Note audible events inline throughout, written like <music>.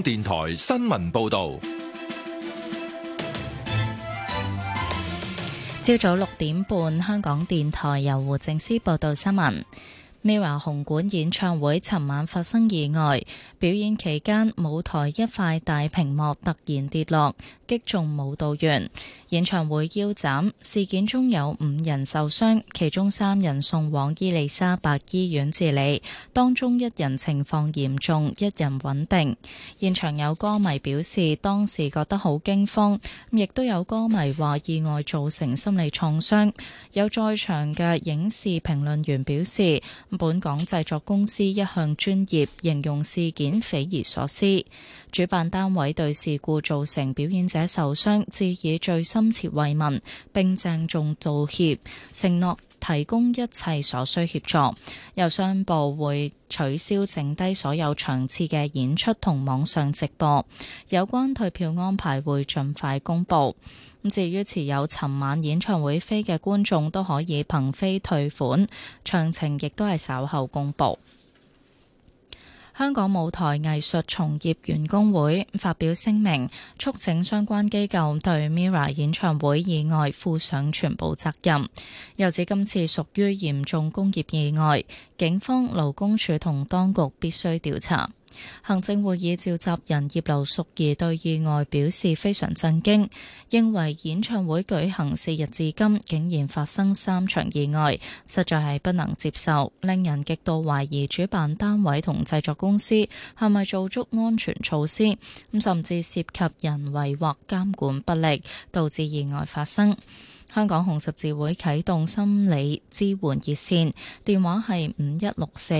香港電台新聞報道，朝早六點半，香港電台由胡靜思報道新聞。MIRROR 紅館演唱會尋晚發生意外，表演期間舞台一塊大屏幕突然跌落，擊中舞蹈員，演唱會腰斬。事件中有五人受傷，其中三人送往伊麗莎白醫院治理，當中一人情況嚴重，一人穩定。現場有歌迷表示當時覺得好驚慌，亦都有歌迷話意外造成心理創傷。有在場嘅影視評論員表示。本港製作公司一向專業，形容事件匪夷所思。主辦單位對事故造成表演者受傷致以最深切慰問，並鄭重道歉，承諾提供一切所需協助。由商部會取消剩低所有場次嘅演出同網上直播，有關退票安排會盡快公布。至於持有尋晚演唱會飛嘅觀眾都可以憑飛退款，詳情亦都係稍後公佈。香港舞台藝術從業員工會發表聲明，促請相關機構對 Mira 演唱會意外負上全部責任，又指今次屬於嚴重工業意外，警方、勞工處同當局必須調查。行政會議召集人葉劉淑儀對意外表示非常震驚，認為演唱會舉行四日至今，竟然發生三場意外，實在係不能接受，令人極度懷疑主辦單位同製作公司係咪做足安全措施，咁甚至涉及人為或監管不力，導致意外發生。香港紅十字會啟動心理支援熱線，電話係五一六四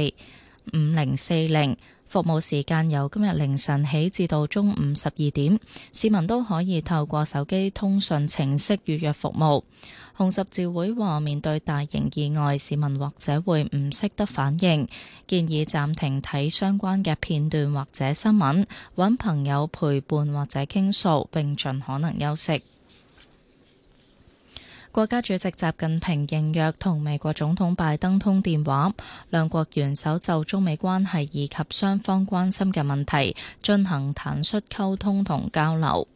五零四零。服務時間由今日凌晨起至到中午十二點，市民都可以透過手機通訊程式預約服務。紅十字會話：面對大型意外，市民或者會唔識得反應，建議暫停睇相關嘅片段或者新聞，搵朋友陪伴或者傾訴，並盡可能休息。國家主席習近平應約同美國總統拜登通電話，兩國元首就中美關係以及雙方關心嘅問題進行坦率溝通同交流。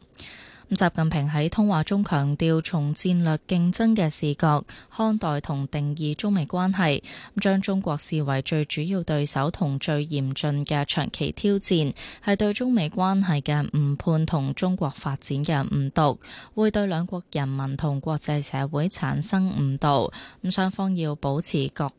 習近平喺通話中強調從戰略競爭嘅視角看待同定義中美關係，將中國視為最主要對手同最嚴峻嘅長期挑戰，係對中美關係嘅誤判同中國發展嘅誤讀，會對兩國人民同國際社會產生誤導，雙方要保持各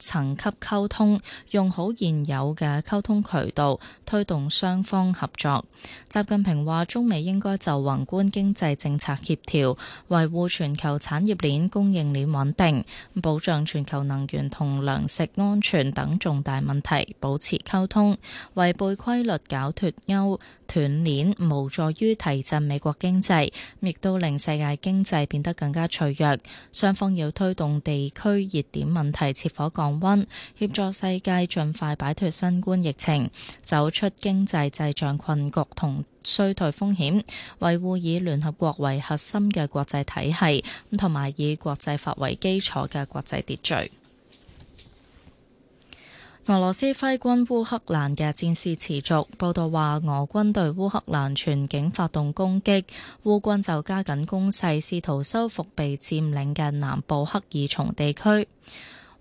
層級溝通，用好現有嘅溝通渠道，推動雙方合作。習近平話：中美應該就宏觀經濟政策協調、維護全球產業鏈供應鏈穩定、保障全球能源同糧食安全等重大問題保持溝通，違背規律搞脫鈎。斷鏈無助於提振美國經濟，亦都令世界經濟變得更加脆弱。雙方要推動地區熱點問題熄火降溫，協助世界盡快擺脫新冠疫情，走出經濟滯脹困局同衰退風險，維護以聯合國為核心嘅國際體系，同埋以國際法為基礎嘅國際秩序。俄羅斯揮軍烏克蘭嘅戰事持續，報道話俄軍對烏克蘭全境發動攻擊，烏軍就加緊攻勢，試圖收復被佔領嘅南部克爾松地區。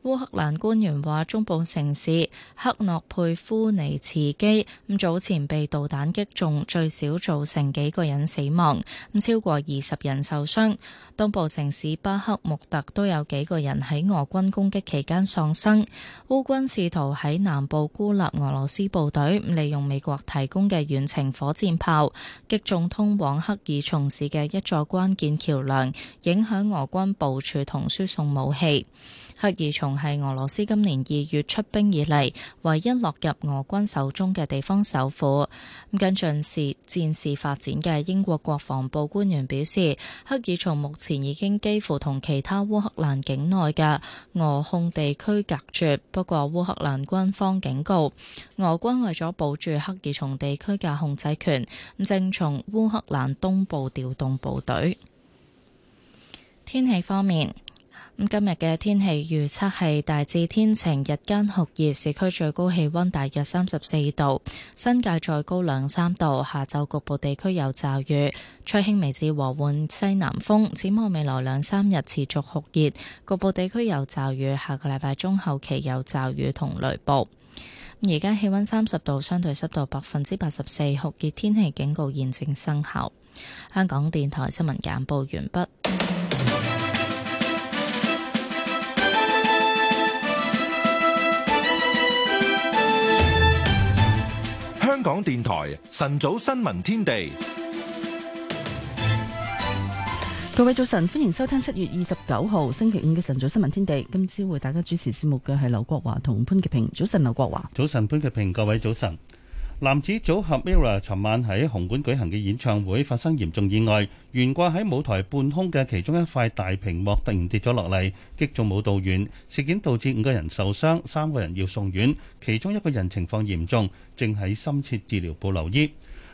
烏克蘭官員話，中部城市克諾佩夫尼茨基咁早前被導彈擊中，最少造成幾個人死亡，咁超過二十人受傷。東部城市巴克穆特都有幾個人喺俄軍攻擊期間喪生。烏軍試圖喺南部孤立俄羅斯部隊，利用美國提供嘅遠程火箭炮擊中通往克爾松市嘅一座關鍵橋樑，影響俄軍部署同輸送武器。赫爾松係俄羅斯今年二月出兵以嚟唯一落入俄軍手中嘅地方首府。咁跟進時戰事發展嘅英國國防部官員表示，赫爾松目前已經幾乎同其他烏克蘭境內嘅俄控地區隔絕。不過烏克蘭軍方警告，俄軍為咗保住赫爾松地區嘅控制權，正從烏克蘭東部調動部隊。天氣方面。今日嘅天氣預測係大致天晴，日間酷熱，市區最高氣温大約三十四度，新界再高兩三度。下晝局部地區有驟雨，吹輕微至和緩西南風。展望未來兩三日持續酷熱，局部地區有驟雨，下個禮拜中後期有驟雨同雷暴。而家氣温三十度，相對濕度百分之八十四，酷熱天氣警告現正生效。香港電台新聞簡報完畢。香港電台晨早新聞天地，各位早晨，歡迎收聽七月二十九號星期五嘅晨早新聞天地。今朝為大家主持節目嘅係劉國華同潘潔平。早晨，劉國華。早晨，潘潔平。各位早晨。男子組合 Mira 尋晚喺紅館舉行嘅演唱會發生嚴重意外，懸掛喺舞台半空嘅其中一塊大屏幕突然跌咗落嚟，擊中舞蹈員。事件導致五個人受傷，三個人要送院，其中一個人情況嚴重，正喺深切治療部留醫。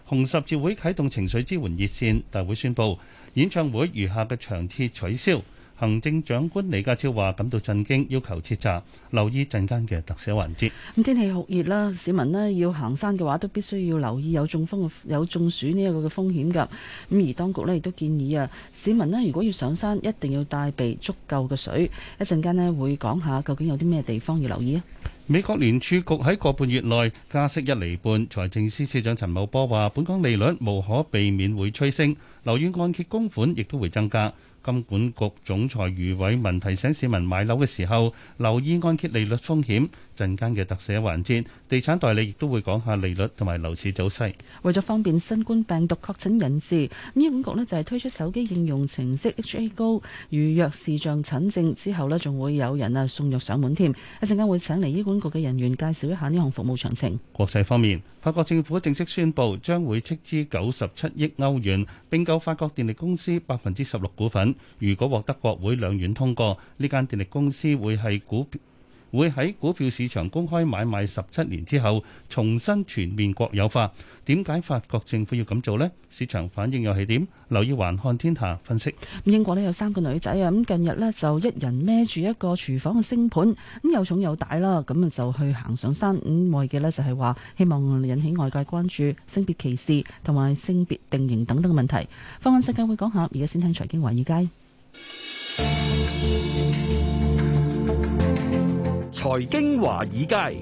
紅十字會啟動情緒支援熱線，大會宣布演唱會餘下嘅場次取消。行政長官李家超話感到震驚，要求徹查，留意陣間嘅特寫環節。咁天氣酷熱啦，市民咧要行山嘅話，都必須要留意有中風、有中暑呢一個嘅風險噶。咁而當局咧亦都建議啊，市民咧如果要上山，一定要帶備足夠嘅水。會會，一陣間咧會講下究竟有啲咩地方要留意啊。美國聯儲局喺個半月內加息一厘半，財政司司司長陳茂波話，本港利率無可避免會趨升，樓宇按揭供款亦都會增加。金管局總裁余偉文提醒市民買樓嘅時候，留意按揭利率風險。陣間嘅特寫環節，地產代理亦都會講下利率同埋樓市走勢。為咗方便新冠病毒確診人士，醫管局咧就係推出手機應用程式 H A Go 預約視像診症，之後咧仲會有人啊送藥上門添。一陣間會請嚟醫管局嘅人員介紹一下呢項服務詳情。國際方面，法國政府正式宣布將會斥資九十七億歐元，並購法國電力公司百分之十六股份。如果獲得國會兩院通過，呢間電力公司會係股票。會喺股票市場公開買賣十七年之後，重新全面國有化。點解法國政府要咁做咧？市場反應又係點？留意環看天下分析。咁英國咧有三個女仔啊，咁近日咧就一人孭住一個廚房嘅星盤，咁又重又大啦，咁啊就去行上山。咁外嘅咧就係話希望引起外界關注性別歧視同埋性別定型等等嘅問題。放眼世界會講下，而家先聽財經華爾街。財經華爾街，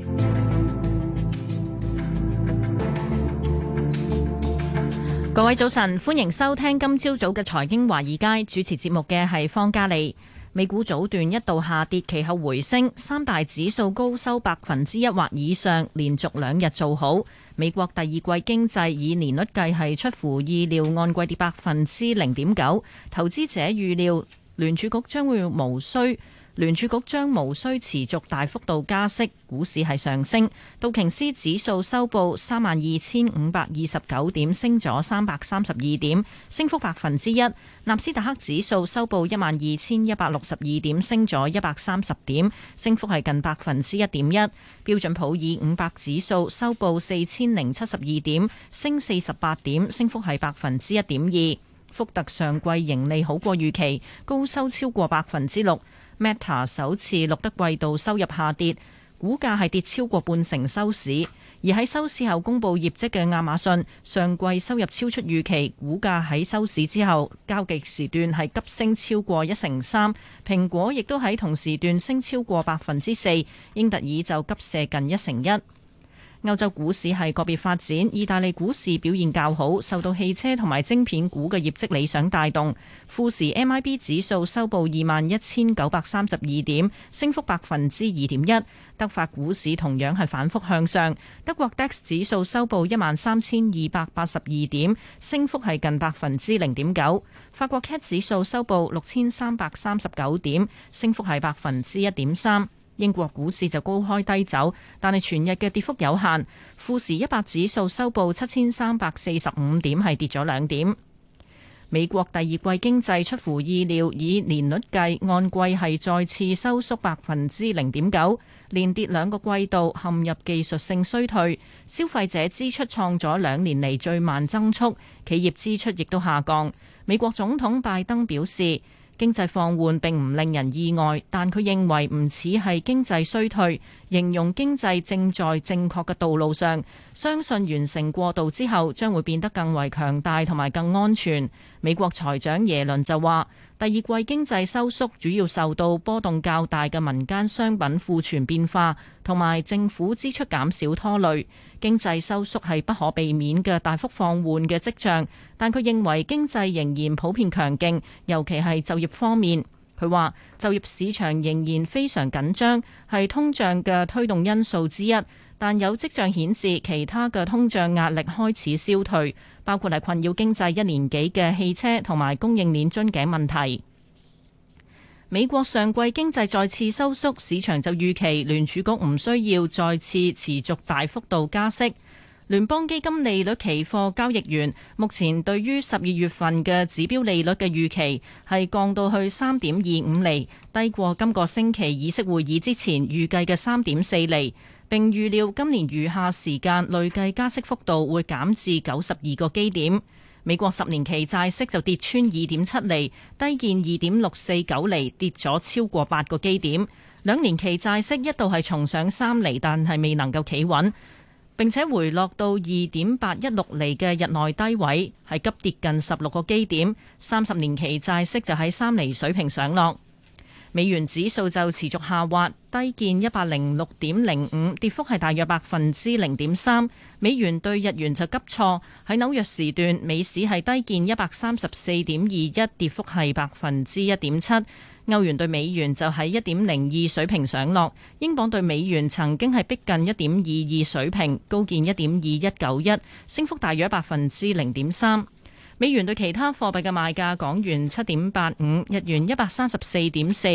各位早晨，歡迎收聽今朝早嘅財經華爾街。主持節目嘅係方嘉利，美股早段一度下跌，其後回升，三大指數高收百分之一或以上，連續兩日做好。美國第二季經濟以年率計係出乎意料，按季跌百分之零點九，投資者預料聯儲局將會無需。聯儲局將無需持續大幅度加息，股市係上升。道瓊斯指數收報三萬二千五百二十九點，升咗三百三十二點，升幅百分之一。納斯達克指數收報一萬二千一百六十二點，升咗一百三十點，升幅係近百分之一點一。標準普爾五百指數收報四千零七十二點，升四十八點，升幅係百分之一點二。福特上季盈利好過預期，高收超過百分之六。Meta 首次錄得季度收入下跌，股價係跌超過半成收市。而喺收市後公布業績嘅亞馬遜，上季收入超出預期，股價喺收市之後交易時段係急升超過一成三。蘋果亦都喺同時段升超過百分之四，英特爾就急瀉近一成一。歐洲股市係個別發展，意大利股市表現較好，受到汽車同埋晶片股嘅業績理想帶動。富時 MIB 指數收報二萬一千九百三十二點，升幅百分之二點一。德法股市同樣係反覆向上，德國 DAX 指數收報一萬三千二百八十二點，升幅係近百分之零點九。法國 CAC 指數收報六千三百三十九點，升幅係百分之一點三。英國股市就高開低走，但係全日嘅跌幅有限。富時一百指數收報七千三百四十五點，係跌咗兩點。美國第二季經濟出乎意料，以年率計，按季係再次收縮百分之零點九，連跌兩個季度，陷入技術性衰退。消費者支出創咗兩年嚟最慢增速，企業支出亦都下降。美國總統拜登表示，經濟放緩並唔令人意外，但佢認為唔似係經濟衰退。形容經濟正在正確嘅道路上，相信完成過渡之後將會變得更為強大同埋更安全。美國財長耶倫就話，第二季經濟收縮主要受到波動較大嘅民間商品庫存變化同埋政府支出減少拖累。經濟收縮係不可避免嘅大幅放緩嘅跡象，但佢認為經濟仍然普遍強勁，尤其係就業方面。佢話：就業市場仍然非常緊張，係通脹嘅推動因素之一，但有跡象顯示其他嘅通脹壓力開始消退，包括係困擾經濟一年幾嘅汽車同埋供應鏈樽頸問題。美國上季經濟再次收縮，市場就預期聯儲局唔需要再次持續大幅度加息。聯邦基金利率期貨交易員目前對於十二月份嘅指標利率嘅預期係降到去三點二五厘，低過今個星期議息會議之前預計嘅三點四厘。並預料今年餘下時間累計加息幅度會減至九十二個基點。美國十年期債息就跌穿二點七厘，低見二點六四九厘，跌咗超過八個基點。兩年期債息一度係重上三厘，但係未能夠企穩。並且回落到二點八一六厘嘅日內低位，係急跌近十六個基點。三十年期債息就喺三厘水平上落，美元指數就持續下滑，低見一百零六點零五，跌幅係大約百分之零點三。美元對日元就急挫，喺紐約時段，美市係低見一百三十四點二一，跌幅係百分之一點七。歐元兌美元就喺一點零二水平上落，英鎊兌美元曾經係逼近一點二二水平，高見一點二一九一，升幅大約百分之零點三。美元對其他貨幣嘅賣價：港元七點八五，日元一百三十四點四，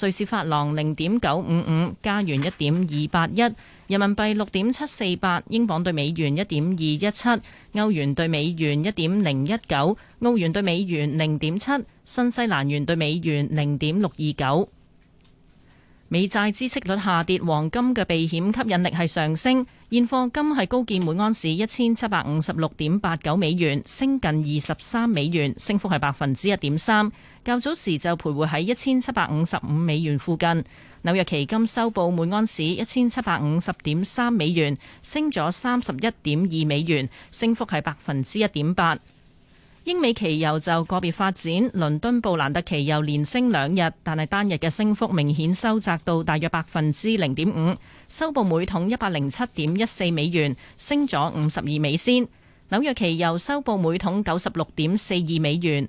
瑞士法郎零點九五五，加元一點二八一，人民幣六點七四八，英鎊對美元一點二一七，歐元對美元一點零一九，澳元對美元零點七，新西蘭元對美元零點六二九。美債孳息率下跌，黃金嘅避險吸引力係上升。現貨金係高見每盎士一千七百五十六點八九美元，升近二十三美元，升幅係百分之一點三。較早時就徘徊喺一千七百五十五美元附近。紐約期金收報每盎士一千七百五十點三美元，升咗三十一點二美元，升幅係百分之一點八。英美期油就個別發展，倫敦布蘭特期油連升兩日，但係單日嘅升幅明顯收窄到大約百分之零點五，收報每桶一百零七點一四美元，升咗五十二美仙。紐約期油收報每桶九十六點四二美元，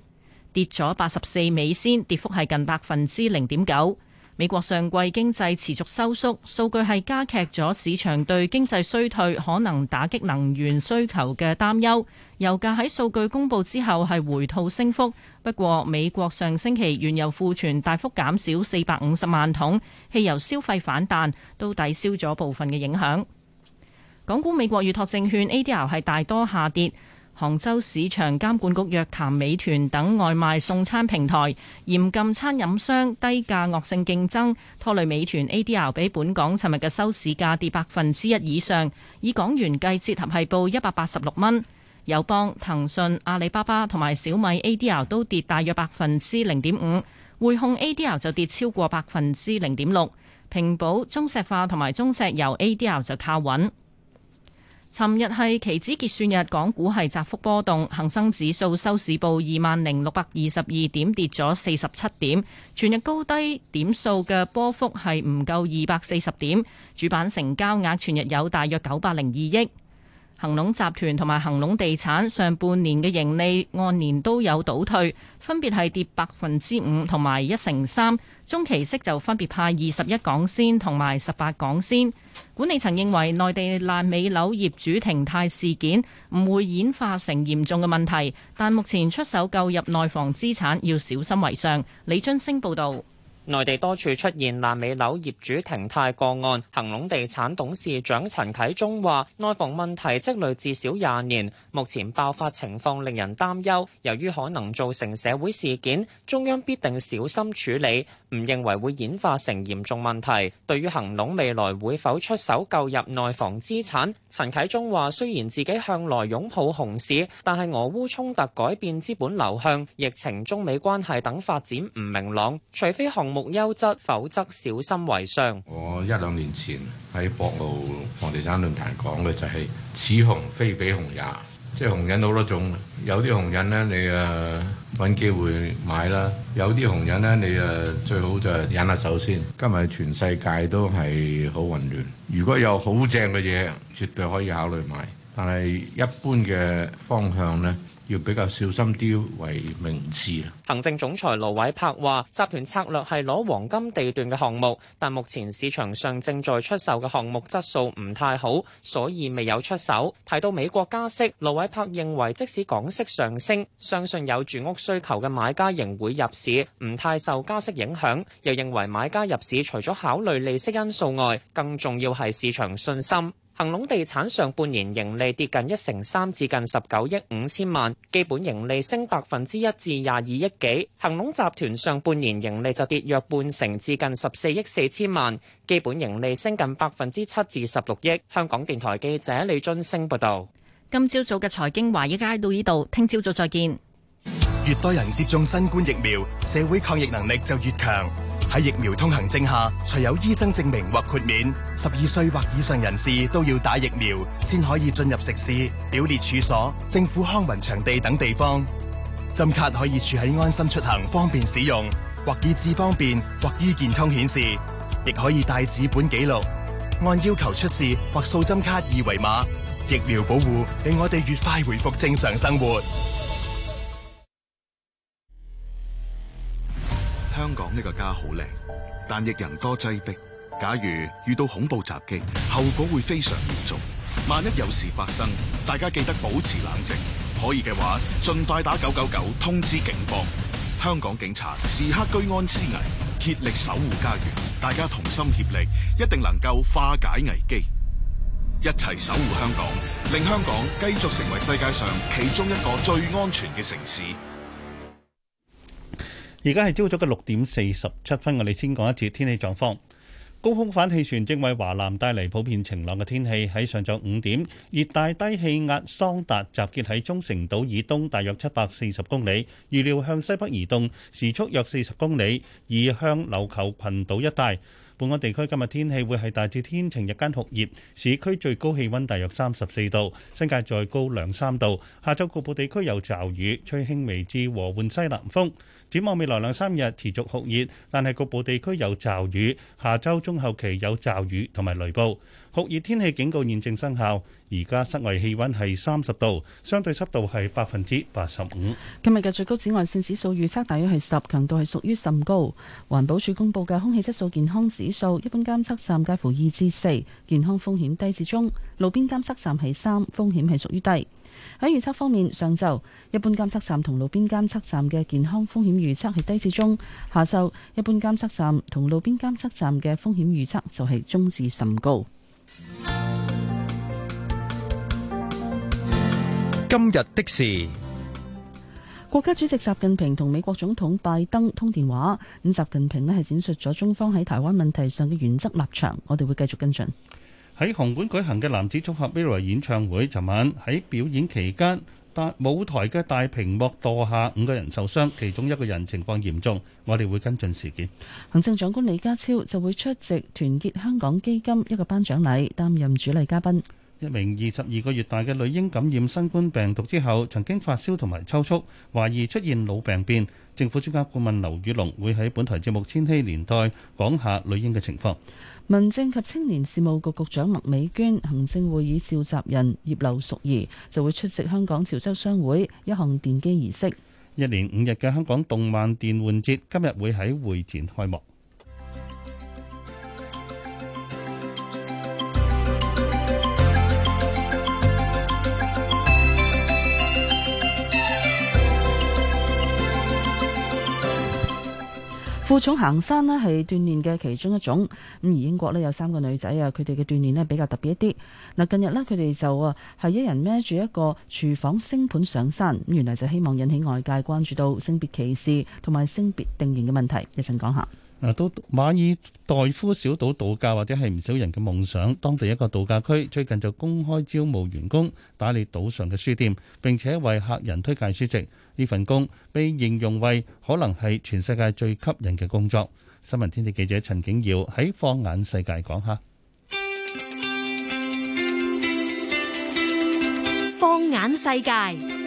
跌咗八十四美仙，跌幅係近百分之零點九。美國上季經濟持續收縮，數據係加劇咗市場對經濟衰退可能打擊能源需求嘅擔憂。油價喺數據公布之後係回吐升幅，不過美國上星期原油庫存大幅減少四百五十萬桶，汽油消費反彈都抵消咗部分嘅影響。港股美國預託證券 ADR 係大多下跌。杭州市場監管局約談美團等外賣送餐平台，嚴禁餐飲商低價惡性競爭，拖累美團 ADR 比本港尋日嘅收市價跌百分之一以上，以港元計，折合係報一百八十六蚊。友邦、騰訊、阿里巴巴同埋小米 ADR 都跌大約百分之零點五，匯控 ADR 就跌超過百分之零點六，平保、中石化同埋中石油 ADR 就靠穩。尋日係期指結算日，港股係窄幅波動，恒生指數收市報二萬零六百二十二點，跌咗四十七點，全日高低點數嘅波幅係唔夠二百四十點。主板成交額全日有大約九百零二億。恒隆集團同埋恒隆地產上半年嘅盈利按年都有倒退，分別係跌百分之五同埋一成三。中期息就分別派二十一港仙同埋十八港仙。管理層認為內地爛尾樓業主停貸事件唔會演化成嚴重嘅問題，但目前出手購入內房資產要小心為上。李津升報導。內地多處出現爛尾樓業主停貸個案，恒隆地產董事長陳啟宗話：內房問題積累至少廿年，目前爆發情況令人擔憂。由於可能造成社會事件，中央必定小心處理，唔認為會演化成嚴重問題。對於恒隆未來會否出手購入內房資產，陳啟宗話：雖然自己向來擁抱熊市，但係俄烏衝突改變資本流向，疫情、中美關係等發展唔明朗，除非紅木優質，否則小心為上。我一兩年前喺博鰲房地產論壇講嘅就係、是：此紅非彼紅也，即係紅人好多種，有啲紅人呢，你啊搵機會買啦，有啲紅人呢，你啊最好就忍下手先。今日全世界都係好混亂，如果有好正嘅嘢，絕對可以考慮買，但係一般嘅方向呢。要比較小心啲為明智啦。行政總裁盧偉柏話：集團策略係攞黃金地段嘅項目，但目前市場上正在出售嘅項目質素唔太好，所以未有出手。提到美國加息，盧偉柏認為即使港息上升，相信有住屋需求嘅買家仍會入市，唔太受加息影響。又認為買家入市除咗考慮利息因素外，更重要係市場信心。恒隆地產上半年盈利跌近一成三，至近十九億五千萬，基本盈利升百分之一至廿二億幾。恒隆集團上半年盈利就跌約半成，至近十四億四千萬，基本盈利升近百分之七至十六億。香港電台記者李俊升報道。今朝早嘅財經華爾街到呢度，聽朝早再見。越多人接種新冠疫苗，社會抗疫能力就越強。喺疫苗通行證下，除有醫生證明或豁免，十二歲或以上人士都要打疫苗，先可以進入食肆、表列處所、政府康文場地等地方。針卡可以處喺安心出行，方便使用，或以智方便，或醫健通顯示，亦可以帶紙本記錄，按要求出示或掃針卡二維碼。疫苗保護令我哋越快回復正常生活。香港呢個家好靚，但亦人多擠迫。假如遇到恐怖襲擊，後果會非常嚴重。萬一有事發生，大家記得保持冷靜，可以嘅話盡快打九九九通知警方。香港警察時刻居安思危，竭力守護家園。大家同心協力，一定能夠化解危機，一齊守護香港，令香港繼續成為世界上其中一個最安全嘅城市。而家係朝早嘅六點四十七分，我哋先講一次天氣狀況。高空反氣旋正為華南帶嚟普遍晴朗嘅天氣。喺上晝五點，熱帶低氣壓桑達集結喺中城島以東，大約七百四十公里，預料向西北移動，時速約四十公里，移向琉球群島一帶。本港地區今日天，天氣會係大致天晴，日間酷熱，市區最高氣溫大約三十四度，新界再高兩三度。下晝局部地區有驟雨，吹輕微至和緩西南風。展望未來兩三日持續酷熱，但係局部地區有驟雨。下週中後期有驟雨同埋雷暴。酷熱天氣警告現正生效。而家室外氣温係三十度，相對濕度係百分之八十五。今日嘅最高紫外線指數預測大約係十，強度係屬於甚高。環保署公布嘅空氣質素健康指數，一般監測站介乎二至四，健康風險低至中。路邊監測站係三，風險係屬於低。喺預測方面，上晝一般監測站同路邊監測站嘅健康風險預測係低至中；下晝一般監測站同路邊監測站嘅風險預測就係中至甚高。今日的事，國家主席習近平同美國總統拜登通電話，咁習近平呢係闡述咗中方喺台灣問題上嘅原則立場，我哋會繼續跟進。喺紅館舉行嘅男子組合 Mirror 演唱會，尋晚喺表演期間，大舞台嘅大屏幕墮下，五個人受傷，其中一個人情況嚴重。我哋會跟進事件。行政長官李家超就會出席團結香港基金一個頒獎禮，擔任主禮嘉賓。一名二十二個月大嘅女嬰感染新冠病毒之後，曾經發燒同埋抽搐，懷疑出現腦病變。政府專家顧問劉宇龍會喺本台節目《千禧年代》講下女嬰嘅情況。民政及青年事務局局長麥美娟、行政會議召集人葉劉淑儀就會出席香港潮州商會一項奠基儀式。一連五日嘅香港動漫電玩節今日會喺會展開幕。負重行山咧，係鍛煉嘅其中一種，咁而英國咧，有三個女仔啊，佢哋嘅鍛煉咧比較特別一啲。嗱，近日咧佢哋就啊係一人孭住一個廚房星盆上山，咁原來就希望引起外界關注到性別歧視同埋性別定型嘅問題。講一陣講下。誒，都馬爾代夫小島度假或者係唔少人嘅夢想，當地一個度假區最近就公開招募員工打理島上嘅書店，並且為客人推介書籍。呢份工被形容為可能係全世界最吸引嘅工作。新聞天地記者陳景瑤喺放眼世界講下。放眼世界。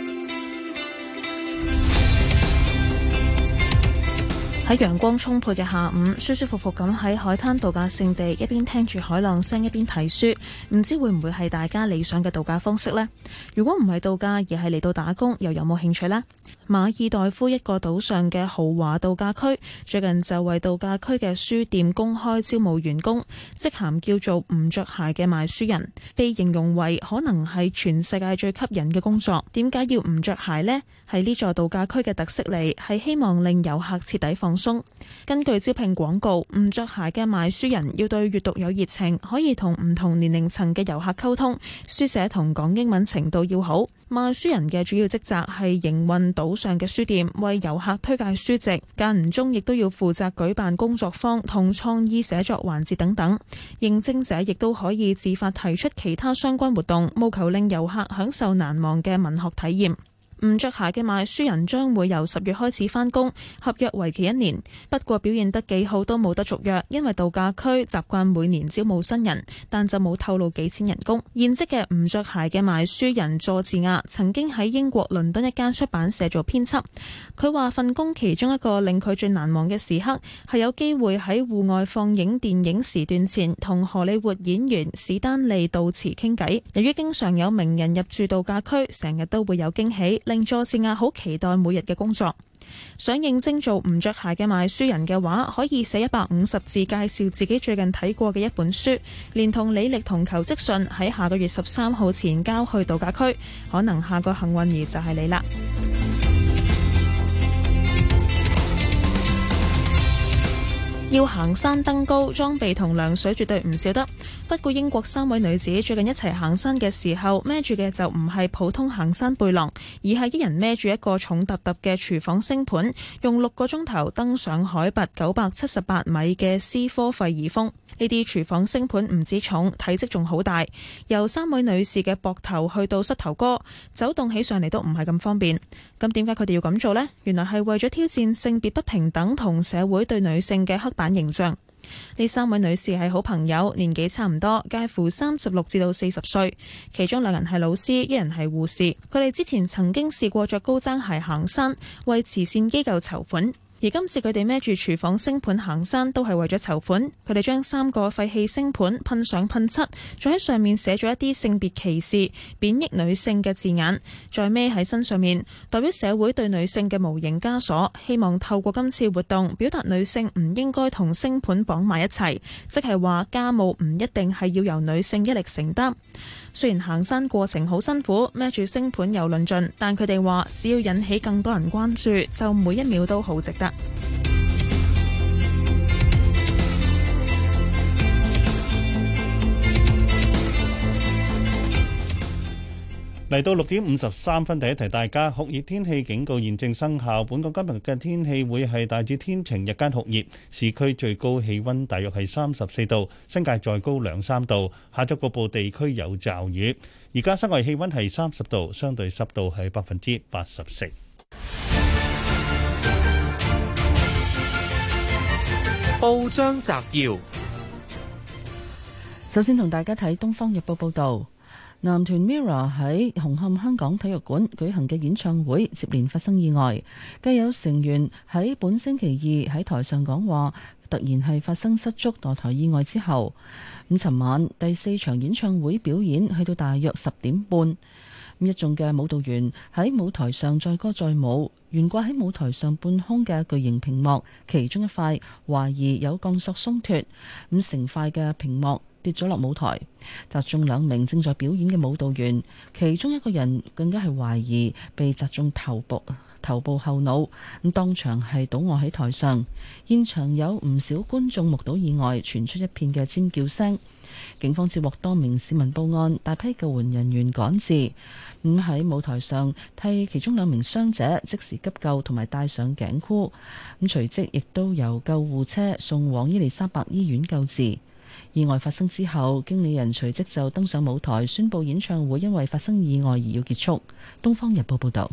喺陽光充沛嘅下午，舒舒服服咁喺海灘度假勝地，一邊聽住海浪聲，一邊睇書，唔知會唔會係大家理想嘅度假方式呢？如果唔係度假，而係嚟到打工，又有冇興趣呢？馬爾代夫一個島上嘅豪華度假區最近就為度假區嘅書店公開招募員工，職銜叫做唔着鞋嘅賣書人，被形容為可能係全世界最吸引嘅工作。點解要唔着鞋呢？係呢座度假區嘅特色嚟，係希望令遊客徹底放鬆。根據招聘廣告，唔着鞋嘅賣書人要對閱讀有熱情，可以同唔同年齡層嘅遊客溝通，書寫同講英文程度要好。賣書人嘅主要職責係營運島上嘅書店，為遊客推介書籍，間唔中亦都要負責舉辦工作坊同創意寫作環節等等。認證者亦都可以自發提出其他相關活動，務求令遊客享受難忘嘅文學體驗。唔着鞋嘅賣書人將會由十月開始返工，合約為期一年。不過表現得幾好都冇得續約，因為度假區習慣每年招募新人，但就冇透露幾錢人工。現職嘅唔著鞋嘅賣書人佐治亞曾經喺英國倫敦一間出版社做編輯，佢話份工其中一個令佢最難忘嘅時刻係有機會喺戶外放映電影時段前同荷里活演員史丹利道詞傾偈。由於經常有名人入住度假區，成日都會有驚喜。令助士亞好期待每日嘅工作，想認真做唔着鞋嘅賣書人嘅話，可以寫一百五十字介紹自己最近睇過嘅一本書，連同履歷同求職信喺下個月十三號前交去度假區，可能下個幸運兒就係你啦。要行山登高，裝備同糧水絕對唔少得。不過英國三位女子最近一齊行山嘅時候，孭住嘅就唔係普通行山背囊，而係一人孭住一個重揼揼嘅廚房星盆，用六個鐘頭登上海拔九百七十八米嘅斯科費爾峰。呢啲廚房星盆唔止重，體積仲好大，由三位女士嘅膊頭去到膝頭哥，走動起上嚟都唔係咁方便。咁點解佢哋要咁做呢？原來係為咗挑戰性別不平等同社會對女性嘅黑形象呢三位女士係好朋友，年紀差唔多，介乎三十六至到四十歲，其中兩人係老師，一人係護士。佢哋之前曾經試過着高踭鞋行山，為慈善機構籌款。而今次佢哋孭住廚房星盆行山，都係為咗籌款。佢哋將三個廢棄星盆噴上噴漆，再喺上面寫咗一啲性別歧視、貶抑女性嘅字眼，再孭喺身上面，代表社會對女性嘅無形枷鎖。希望透過今次活動，表達女性唔應該同星盆綁埋一齊，即係話家務唔一定係要由女性一力承擔。雖然行山過程好辛苦，孭住星盤又論盡，但佢哋話只要引起更多人關注，就每一秒都好值得。嚟到六點五十三分，第一題，大家酷熱天氣警告現正生效。本港今日嘅天氣會係大致天晴，日間酷熱，市區最高氣溫大約係三十四度，新界再高兩三度。下周局部地區有驟雨。而家室外氣溫係三十度，相對濕度係百分之八十四。報章摘要：首先同大家睇《東方日報》報道。男團 Mirror 喺紅磡香港體育館舉行嘅演唱會，接連發生意外，既有成員喺本星期二喺台上講話，突然係發生失足墮台意外之後，咁尋晚第四場演唱會表演去到大約十點半，一眾嘅舞蹈員喺舞台上載歌載舞，懸掛喺舞台上半空嘅巨型屏幕，其中一塊懷疑有鋼索鬆脱，咁成塊嘅屏幕，跌咗落舞台，砸中兩名正在表演嘅舞蹈員，其中一個人更加係懷疑被砸中頭部、頭部後腦咁當場係倒卧喺台上。現場有唔少觀眾目睹意外，傳出一片嘅尖叫聲。警方接獲多名市民報案，大批救援人員趕至，咁喺舞台上替其中兩名傷者即時急救，同埋戴上頸箍，咁隨即亦都由救護車送往伊利沙伯醫院救治。意外發生之後，經理人隨即就登上舞台，宣布演唱會因為發生意外而要結束。《東方日報》報導，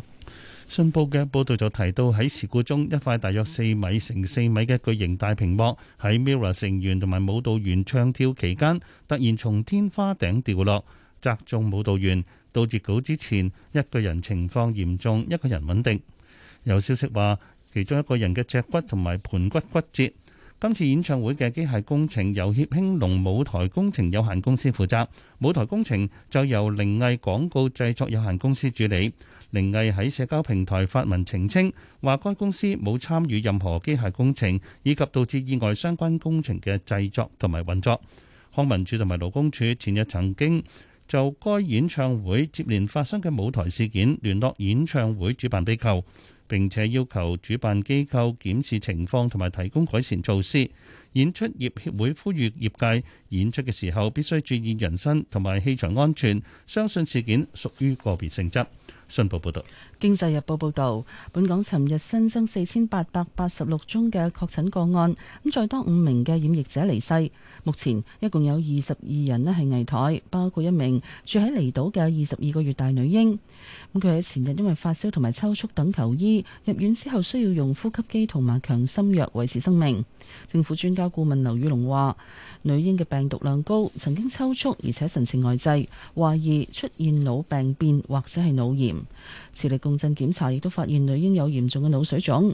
信報嘅報導就提到喺事故中，一塊大約四米乘四米嘅巨型大屏幕喺 Mirror 成員同埋舞蹈員唱跳期間，突然從天花頂掉落，砸中舞蹈員。到截稿之前，一個人情況嚴重，一個人穩定。有消息話，其中一個人嘅脊骨同埋盆骨骨，骨折。今次演唱會嘅機械工程由協興龍舞台工程有限公司負責，舞台工程就由凌藝廣告製作有限公司處理。凌藝喺社交平台發文澄清，話該公司冇參與任何機械工程，以及導致意外相關工程嘅製作同埋運作。康文署同埋勞工處前日曾經就該演唱會接連發生嘅舞台事件聯絡演唱會主辦機構。並且要求主辦機構檢視情況同埋提供改善措施。演出業協會呼籲業界演出嘅時候必須注意人身同埋器材安全，相信事件屬於個別性質。信報報道，《經濟日報》報道，本港尋日新增四千八百八十六宗嘅確診個案，咁再多五名嘅染疫者離世。目前一共有二十二人咧係危殆，包括一名住喺離島嘅二十二個月大女嬰。咁佢喺前日因為發燒同埋抽搐等求醫，入院之後需要用呼吸機同埋強心藥維持生命。政府專家顧問劉宇龍話：女嬰嘅病毒量高，曾經抽搐，而且神情呆滯，懷疑出現腦病變或者係腦炎。磁力共振檢查亦都發現女嬰有嚴重嘅腦水腫。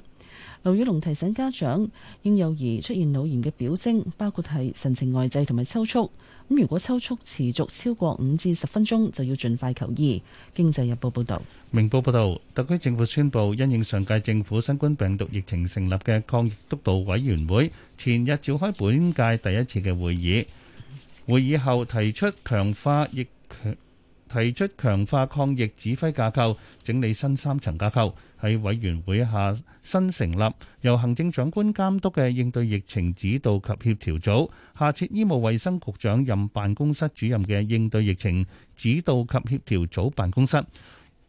劉宇龍提醒家長，嬰幼兒出現腦炎嘅表徵包括係神情呆滯同埋抽搐。咁如果抽搐持續超過五至十分鐘，就要盡快求醫。經濟日報報道，明報報道，特區政府宣布，因應上屆政府新冠病毒疫情成立嘅抗疫督導委員會，前日召開本屆第一次嘅會議，會議後提出強化疫。提出強化抗疫指揮架構，整理新三層架構，喺委員會下新成立由行政長官監督嘅應對疫情指導及協調組，下設醫務衛生局長任辦公室主任嘅應對疫情指導及協調組辦公室，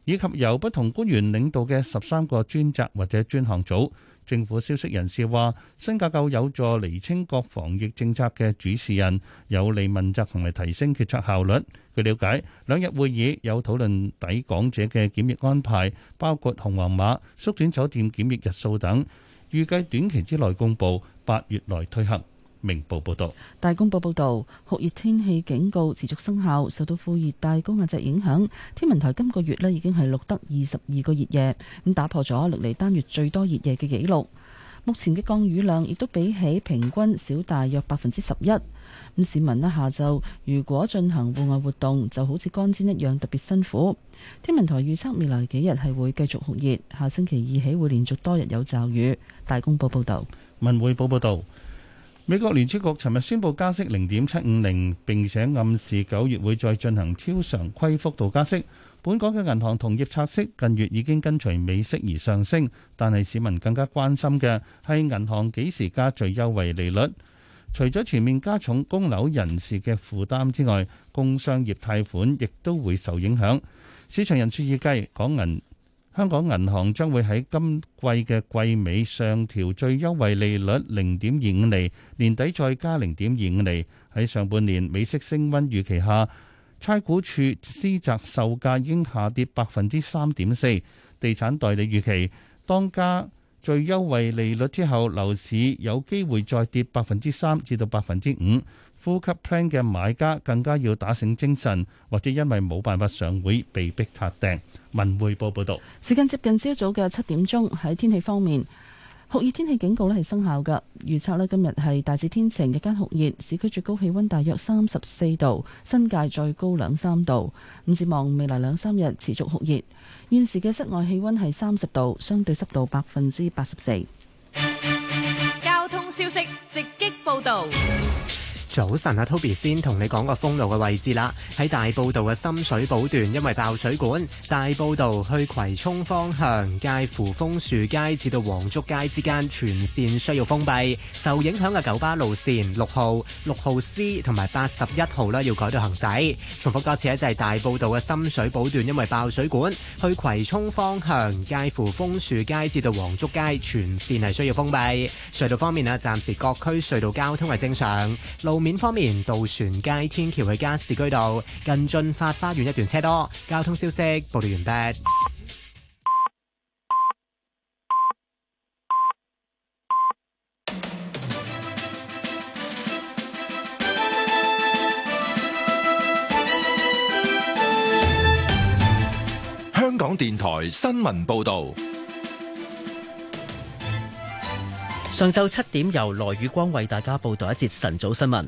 以及由不同官員領導嘅十三個專責或者專項組。政府消息人士話，新架構有助釐清各防疫政策嘅主持人，有利問責行為提升決策效率。據了解，兩日會議有討論抵港者嘅檢疫安排，包括紅黃碼縮短酒店檢疫日數等，預計短期之內公布八月內推行。明報報道，大公報報道，酷熱天氣警告持續生效，受到副熱帶高壓脊影響，天文台今個月呢已經係錄得二十二個熱夜，咁打破咗歷來單月最多熱夜嘅紀錄。目前嘅降雨量亦都比起平均少大約百分之十一。咁市民呢下晝如果進行戶外活動，就好似乾煎一樣特別辛苦。天文台預測未來幾日係會繼續酷熱，下星期二起會連續多日有驟雨。大公報報道，文匯報報道。美國聯儲局尋日宣佈加息零點七五零，並且暗示九月會再進行超常規幅度加息。本港嘅銀行同業拆息近月已經跟隨美息而上升，但係市民更加關心嘅係銀行幾時加最優惠利率。除咗全面加重供樓人士嘅負擔之外，工商業貸款亦都會受影響。市場人士預計港銀。香港銀行將會喺今季嘅季尾上調最優惠利率零點二五厘，年底再加零點二五厘。喺上半年美息升溫預期下，差估署私宅售價應下跌百分之三點四。地產代理預期，當加最優惠利率之後，樓市有機會再跌百分之三至到百分之五。呼吸 plan 嘅買家更加要打醒精神，或者因為冇辦法上會被逼撻訂。文匯報報道，時間接近朝早嘅七點鐘。喺天氣方面，酷熱天氣警告咧係生效噶預測咧今日係大致天晴，日間酷熱，市區最高氣溫大約三十四度，新界再高兩三度。唔指望未來兩三日持續酷熱。現時嘅室外氣溫係三十度，相對濕度百分之八十四。交通消息直擊報道。早晨啊，Toby 先同你講個封路嘅位置啦，喺大埔道嘅深水埗段，因為爆水管，大埔道去葵涌方向介乎楓樹街至到黃竹街之間全線需要封閉。受影響嘅九巴路線六號、六號 C 同埋八十一號啦，要改道行駛。重複多次咧，就係大埔道嘅深水埗段，因為爆水管，去葵涌方向介乎楓樹街至到黃竹街全線係需要封閉。隧道方面啊，暫時各區隧道交通係正常。路路面方面，渡船街天橋去加士居道近駿發花園一段車多。交通消息報道完畢。香港電台新聞報道。上晝七點，由羅宇光為大家報道一節晨早新聞。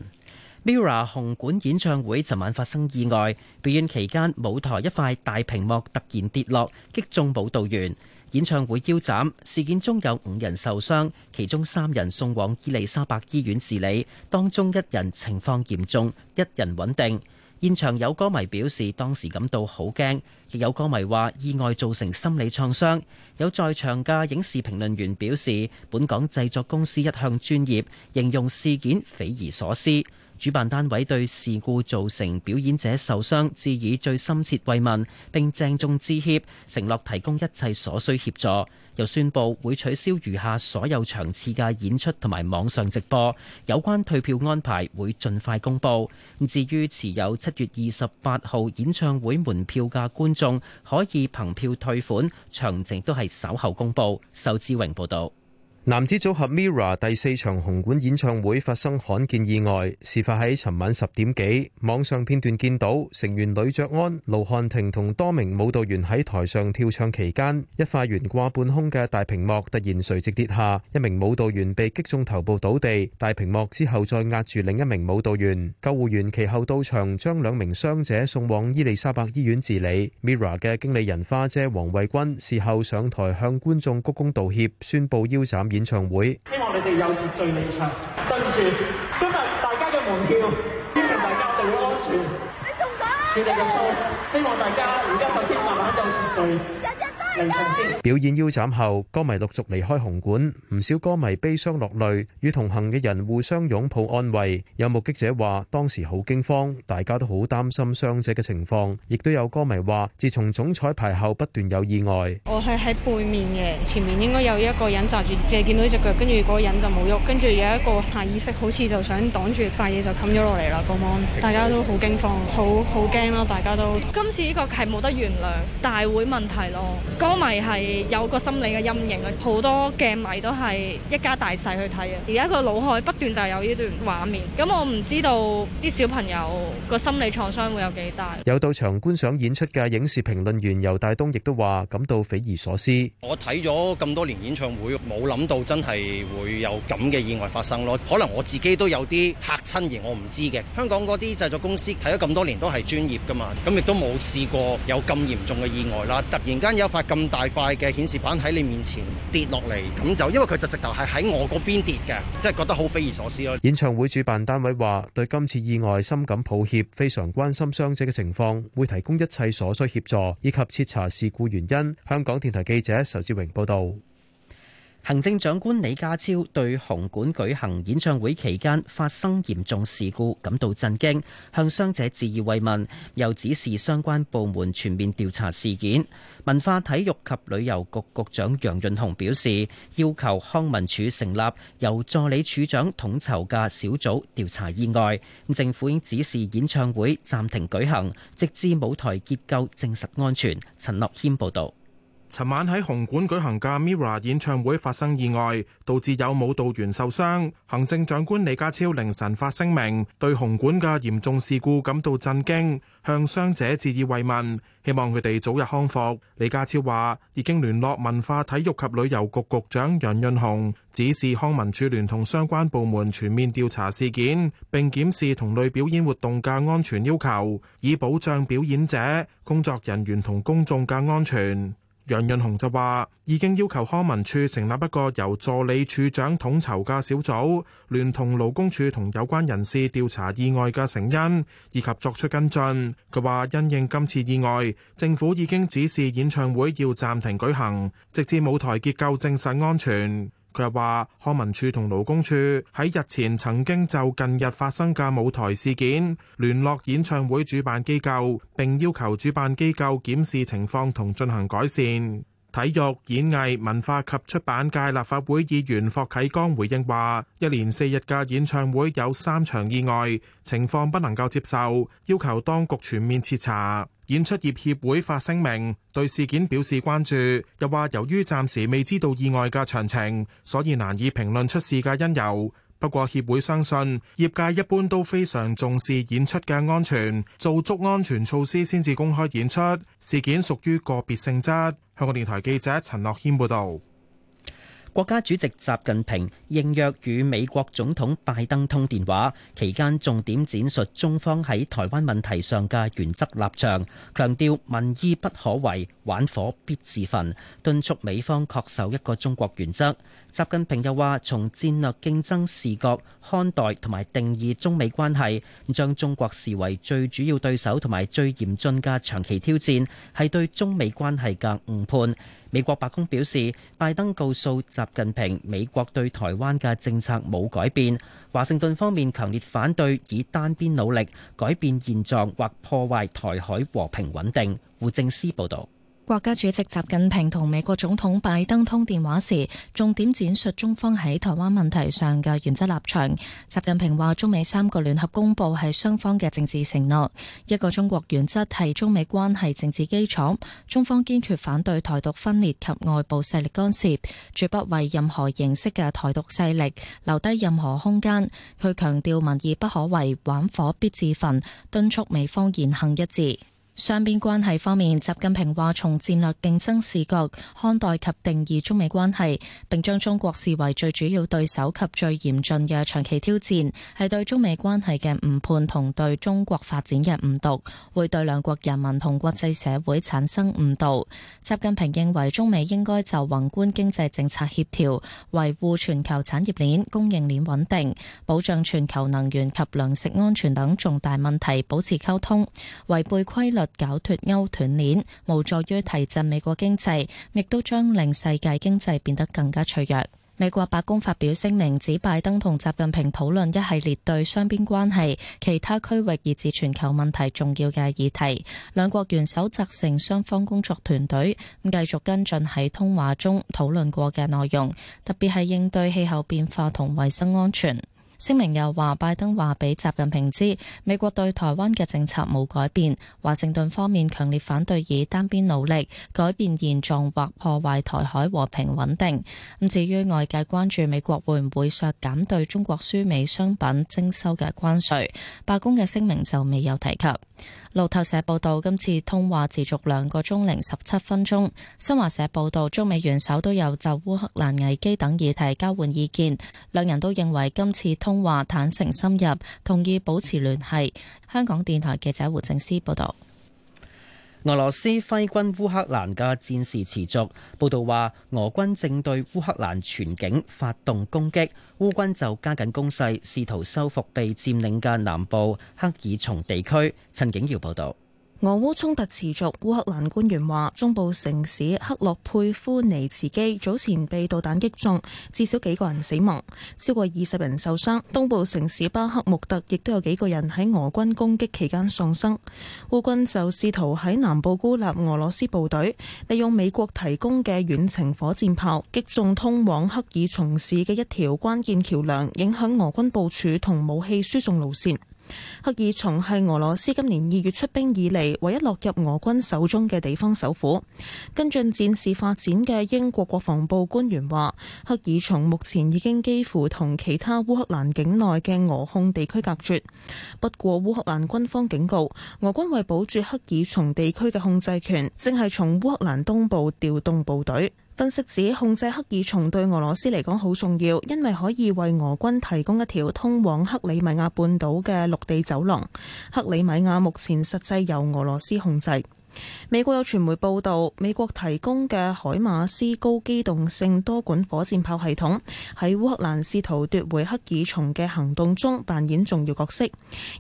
MIRROR 紅館演唱會昨晚發生意外，表演期間舞台一塊大屏幕突然跌落，擊中舞蹈員，演唱會腰斬。事件中有五人受傷，其中三人送往伊利沙伯醫院治理，當中一人情況嚴重，一人穩定。現場有歌迷表示當時感到好驚，亦有歌迷話意外造成心理創傷。有在場嘅影視評論員表示，本港製作公司一向專業，形容事件匪夷所思。主辦單位對事故造成表演者受傷致以最深切慰問，並鄭重致歉，承諾提供一切所需協助。又宣布會取消餘下所有場次嘅演出同埋網上直播，有關退票安排會盡快公佈。至於持有七月二十八號演唱會門票嘅觀眾，可以憑票退款，詳情都係稍後公佈。仇志榮報道。男子組合 MIRROR 第四場紅館演唱會發生罕見意外，事發喺尋晚十點幾。網上片段見到成員呂爵安、盧瀚霆同多名舞蹈員喺台上跳唱期間，一塊懸掛半空嘅大屏幕突然垂直跌下，一名舞蹈員被擊中頭部倒地，大屏幕之後再壓住另一名舞蹈員。救護員其後到場，將兩名傷者送往伊利沙伯醫院治理。MIRROR 嘅經理人花姐黃慧君事後上台向觀眾鞠躬道歉，宣佈腰斬演唱會，希望你哋有秩序離場。對唔住，今日大家嘅門票，希望大家注意安全。你仲講？處理嘅數。希望大家而家首先慢慢有秩序。表演腰斬後，歌迷陸續離開紅館，唔少歌迷悲傷落淚，與同行嘅人互相擁抱安慰。有目擊者話，當時好驚慌，大家都好擔心傷者嘅情況。亦都有歌迷話，自從總彩排後，不斷有意外。我係喺背面嘅，前面應該有一個人紮住，淨係見到呢隻腳，跟住嗰個人就冇喐，跟住有一個下意識，好似就想擋住塊嘢就冚咗落嚟啦。咁樣，大家都好驚慌，好好驚咯，大家都。今次呢個係冇得原諒大會問題咯。歌迷係有個心理嘅陰影，好多鏡迷都係一家大細去睇啊！而家個腦海不斷就有呢段畫面，咁我唔知道啲小朋友個心理創傷會有幾大。有到場觀賞演出嘅影視評論員游大東亦都話：感到匪夷所思。我睇咗咁多年演唱會，冇諗到真係會有咁嘅意外發生咯。可能我自己都有啲嚇親而我唔知嘅。香港嗰啲製作公司睇咗咁多年都係專業㗎嘛，咁亦都冇試過有咁嚴重嘅意外啦。突然間有塊，咁大塊嘅顯示板喺你面前跌落嚟，咁就因為佢就直頭係喺我嗰邊跌嘅，即係覺得好匪夷所思咯。演唱會主辦單位話：對今次意外深感抱歉，非常關心傷者嘅情況，會提供一切所需協助，以及徹查事故原因。香港電台記者仇志榮報道。行政長官李家超對紅館舉行演唱會期間發生嚴重事故感到震驚，向傷者致意慰問，又指示相關部門全面調查事件。文化體育及旅遊局,局局長楊潤雄表示，要求康文署成立由助理署長統籌嘅小組調查意外。政府應指示演唱會暫停舉行，直至舞台結構證實安全。陳樂軒報導。昨晚喺紅館舉行嘅 Mira 演唱會發生意外，導致有舞蹈員受傷。行政長官李家超凌晨發聲明，對紅館嘅嚴重事故感到震驚，向傷者致以慰問，希望佢哋早日康復。李家超話已經聯絡文化體育及旅遊局局長楊潤雄，指示康文署聯同相關部門全面調查事件，並檢視同類表演活動嘅安全要求，以保障表演者、工作人員同公眾嘅安全。楊潤雄就話，已經要求康文署成立一個由助理處長統籌嘅小組，聯同勞工處同有關人士調查意外嘅成因，以及作出跟進。佢話，因應今次意外，政府已經指示演唱會要暫停舉行，直至舞台結構證實安全。佢又話：康文署同勞工處喺日前曾經就近日發生嘅舞台事件聯絡演唱會主辦機構，並要求主辦機構檢視情況同進行改善。體育、演藝、文化及出版界立法會議員霍啟剛回應話：一連四日嘅演唱會有三場意外，情況不能夠接受，要求當局全面徹查。演出業協會發聲明，對事件表示關注，又話由於暫時未知道意外嘅詳情，所以難以評論出事嘅因由。不過協會相信業界一般都非常重視演出嘅安全，做足安全措施先至公開演出。事件屬於個別性質。香港電台記者陳樂軒報導。國家主席習近平應約與美國總統拜登通電話，期間重點展述中方喺台灣問題上嘅原則立場，強調民意不可違，玩火必自焚，敦促美方恪守一個中國原則。習近平又話，從戰略競爭視角看待同埋定義中美關係，將中國視為最主要對手同埋最嚴峻嘅長期挑戰，係對中美關係嘅誤判。美國白宮表示，拜登告訴習近平，美國對台灣嘅政策冇改變。華盛頓方面強烈反對以單邊努力改變現狀或破壞台海和平穩定。胡正思報導。國家主席習近平同美國總統拜登通電話時，重點闡述中方喺台灣問題上嘅原則立場。習近平話：中美三個聯合公報係雙方嘅政治承諾，一個中國原則係中美關係政治基礎。中方堅決反對台獨分裂及外部勢力干涉，絕不為任何形式嘅台獨勢力留低任何空間。佢強調民意不可違，玩火必自焚，敦促美方言行一致。雙邊關係方面，習近平話從戰略競爭視角看待及定義中美關係，並將中國視為最主要對手及最嚴峻嘅長期挑戰，係對中美關係嘅誤判同對中國發展嘅誤讀，會對兩國人民同國際社會產生誤導。習近平認為中美應該就宏觀經濟政策協調、維護全球產業鏈供應鏈穩定、保障全球能源及糧食安全等重大問題保持溝通，違背規律。搞脱歐斷鏈，無助於提振美國經濟，亦都將令世界經濟變得更加脆弱。美國白宮發表聲明，指拜登同習近平討論一系列對雙邊關係、其他區域以至全球問題重要嘅議題。兩國元首責成雙方工作團隊咁繼續跟進喺通話中討論過嘅內容，特別係應對氣候變化同衛生安全。聲明又話，拜登話俾習近平知，美國對台灣嘅政策冇改變。華盛頓方面強烈反對以單邊努力改變現狀或破壞台海和平穩定。咁至於外界關注美國會唔會削減對中國輸美商品徵收嘅關稅，白宮嘅聲明就未有提及。路透社報道，今次通話持續兩個鐘零十七分鐘。新華社報道，中美元首都有就烏克蘭危機等議題交換意見，兩人都認為今次通話坦誠深入，同意保持聯繫。香港電台記者胡正思報道。俄羅斯揮軍烏克蘭嘅戰事持續，報道話俄軍正對烏克蘭全境發動攻擊，烏軍就加緊攻勢，試圖收復被佔領嘅南部克爾松地區。陳景耀報導。俄烏衝突持續，烏克蘭官員話，中部城市克洛佩夫尼茨基早前被導彈擊中，至少幾個人死亡，超過二十人受傷。東部城市巴克穆特亦都有幾個人喺俄軍攻擊期間喪生。烏軍就試圖喺南部孤立俄羅斯部隊，利用美國提供嘅遠程火箭炮擊中通往克爾松市嘅一條關鍵橋梁，影響俄軍部署同武器輸送路線。赫爾松係俄羅斯今年二月出兵以嚟唯一落入俄軍手中嘅地方首府。跟進戰事發展嘅英國國防部官員話，赫爾松目前已經幾乎同其他烏克蘭境內嘅俄控地區隔絕。不過烏克蘭軍方警告，俄軍為保住赫爾松地區嘅控制權，正係從烏克蘭東部調動部隊。分析指控制赫爾松對俄羅斯嚟講好重要，因為可以為俄軍提供一條通往克里米亞半島嘅陸地走廊。克里米亞目前實際由俄羅斯控制。美國有傳媒報道，美國提供嘅海馬斯高機動性多管火箭炮系統喺烏克蘭試圖奪回赫爾松嘅行動中扮演重要角色。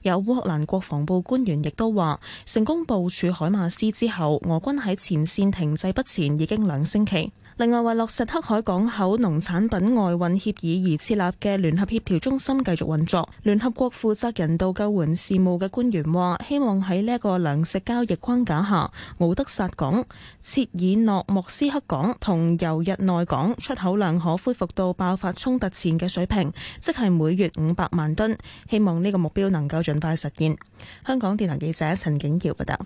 有烏克蘭國防部官員亦都話，成功部署海馬斯之後，俄軍喺前綫停滯不前已經兩星期。另外，為落實黑海港口農產品外運協議而設立嘅聯合協調中心繼續運作。聯合國負責人道救援事務嘅官員話，希望喺呢一個糧食交易框架下，敖德薩港、切爾諾莫斯克港同尤日內港出口量可恢復到爆發衝突前嘅水平，即係每月五百萬噸。希望呢個目標能夠盡快實現。香港電台記者陳景耀報道。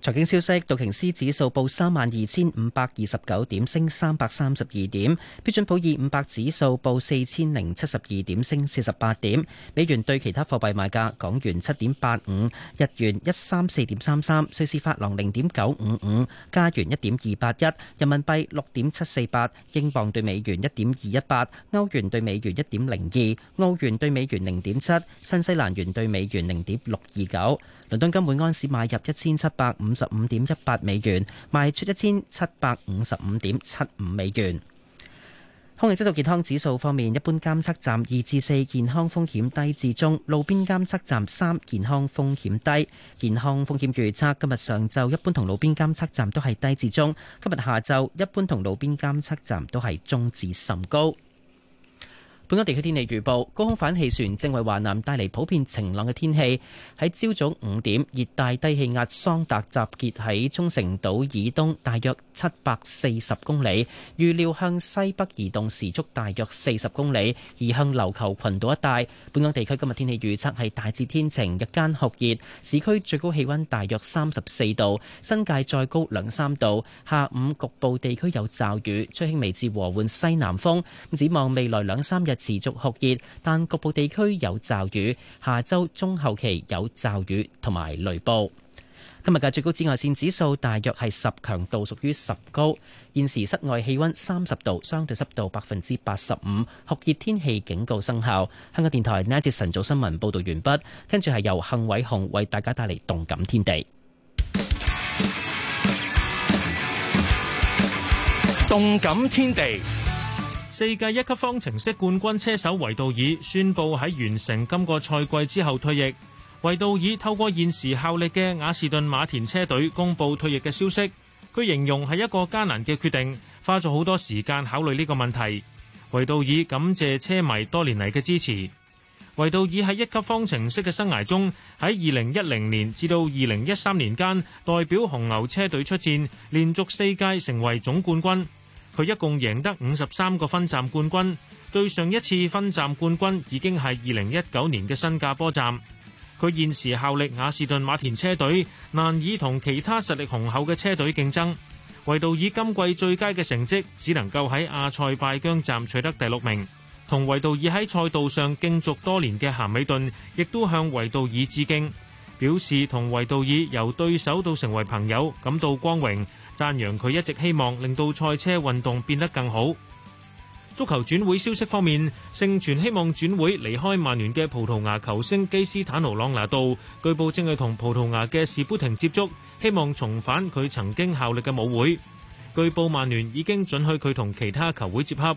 財經消息：道瓊斯指數報三萬二千五百二十九點，升三百三十二點；標準普爾五百指數報四千零七十二點，升四十八點。美元對其他貨幣賣價：港元七點八五，日元一三四點三三，瑞士法郎零點九五五，加元一點二八一，人民幣六點七四八，英鎊對美元一點二一八，歐元對美元一點零二，澳元對美元零點七，新西蘭元對美元零點六二九。倫敦金每安士買入一千七百五十五點一八美元，賣出一千七百五十五點七五美元。空氣質素健康指數方面，一般監測站二至四健康風險低至中，路邊監測站三健康風險低。健康風險預測今日上晝一般同路邊監測站都係低至中，今日下晝一般同路邊監測站都係中至甚高。本港地區天氣預報，高空反氣旋正為華南帶嚟普遍晴朗嘅天氣，喺朝早五點，熱帶低氣壓桑達集結喺沖繩島以東大約七百四十公里，預料向西北移動時速大約四十公里，移向琉球群島一帶。本港地區今日天，天氣預測係大致天晴，日間酷熱，市區最高氣溫大約三十四度，新界再高兩三度。下午局部地區有驟雨，吹輕微至和緩西南風。展望未來兩三日，持續酷熱，但局部地區有驟雨。下周中後期有驟雨同埋雷暴。今日嘅最高紫外綫指數大約係十，強度屬於十高。現時室外氣温三十度，相對濕度百分之八十五，酷熱天氣警告生效。香港電台呢一節晨早新聞報道完畢，跟住係由幸偉雄為大家帶嚟動感天地。動感天地。四屆一級方程式冠軍車手維杜爾宣佈喺完成今個賽季之後退役。維杜爾透過現時效力嘅亞士頓馬田車隊公布退役嘅消息。佢形容係一個艱難嘅決定，花咗好多時間考慮呢個問題。維杜爾感謝車迷多年嚟嘅支持。維杜爾喺一級方程式嘅生涯中，喺二零一零年至到二零一三年間，代表紅牛車隊出戰，連續四屆成為總冠軍。佢一共贏得五十三個分站冠軍，對上一次分站冠軍已經係二零一九年嘅新加坡站。佢現時效力雅士頓馬田車隊，難以同其他實力雄厚嘅車隊競爭。維杜爾今季最佳嘅成績只能夠喺阿塞拜疆站取得第六名。同維杜爾喺賽道上競逐多年嘅咸美頓，亦都向維杜爾致敬，表示同維杜爾由對手到成為朋友感到光榮。讚揚佢一直希望令到賽車運動變得更好。足球轉會消息方面，盛傳希望轉會離開曼聯嘅葡萄牙球星基斯坦奴·朗拿度，據報正係同葡萄牙嘅士砵亭接觸，希望重返佢曾經效力嘅舞會。據報曼聯已經准許佢同其他球會接洽。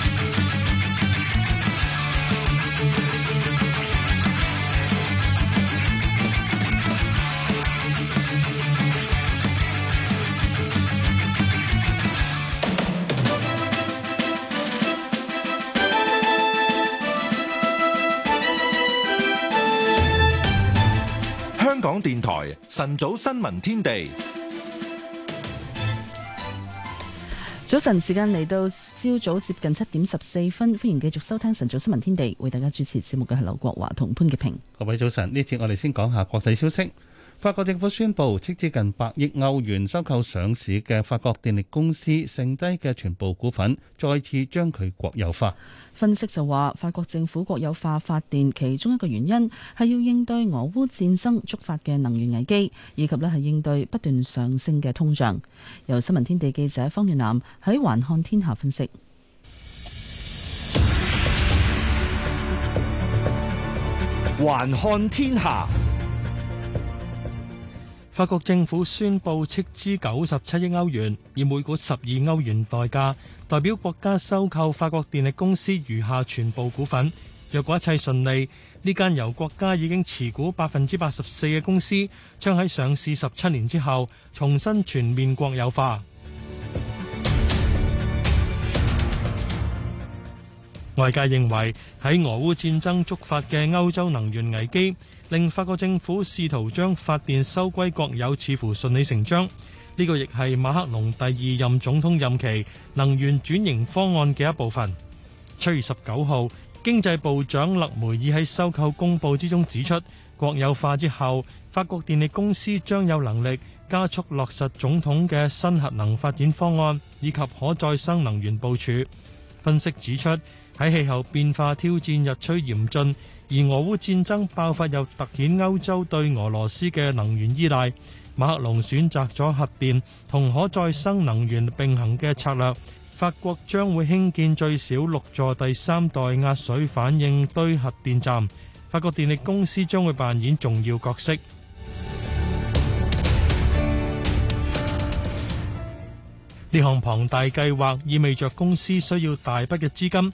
電台晨早新聞天地，早晨時間嚟到朝早接近七點十四分，歡迎繼續收聽晨早新聞天地。為大家主持節目嘅係劉國華同潘潔平。各位早晨，呢次我哋先講下國際消息。法國政府宣布斥資近百億歐元收購上市嘅法國電力公司剩低嘅全部股份，再次將佢國有化。分析就話，法國政府國有化發電，其中一個原因係要應對俄烏戰爭觸發嘅能源危機，以及呢係應對不斷上升嘅通脹。由新聞天地記者方月南喺環看天下分析。環看天下。法國政府宣布斥資九十七億歐元，以每股十二歐元代價，代表國家收購法國電力公司餘下全部股份。若果一切順利，呢間由國家已經持股百分之八十四嘅公司，將喺上市十七年之後，重新全面國有化。外界認為喺俄烏戰爭觸發嘅歐洲能源危機，令法國政府試圖將發電收歸國有，似乎順理成章。呢個亦係馬克龍第二任總統任期能源轉型方案嘅一部分。七月十九號，經濟部長勒梅爾喺收購公佈之中指出，國有化之後，法國電力公司將有能力加速落實總統嘅新核能發展方案以及可再生能源部署。分析指出，喺氣候變化挑戰日趨嚴峻，而俄烏戰爭爆發又凸顯歐洲對俄羅斯嘅能源依賴。馬克龍選擇咗核電同可再生能源並行嘅策略。法國將會興建最少六座第三代壓水反應堆核電站。法國電力公司將會扮演重要角色。呢項龐大計劃意味着公司需要大筆嘅資金。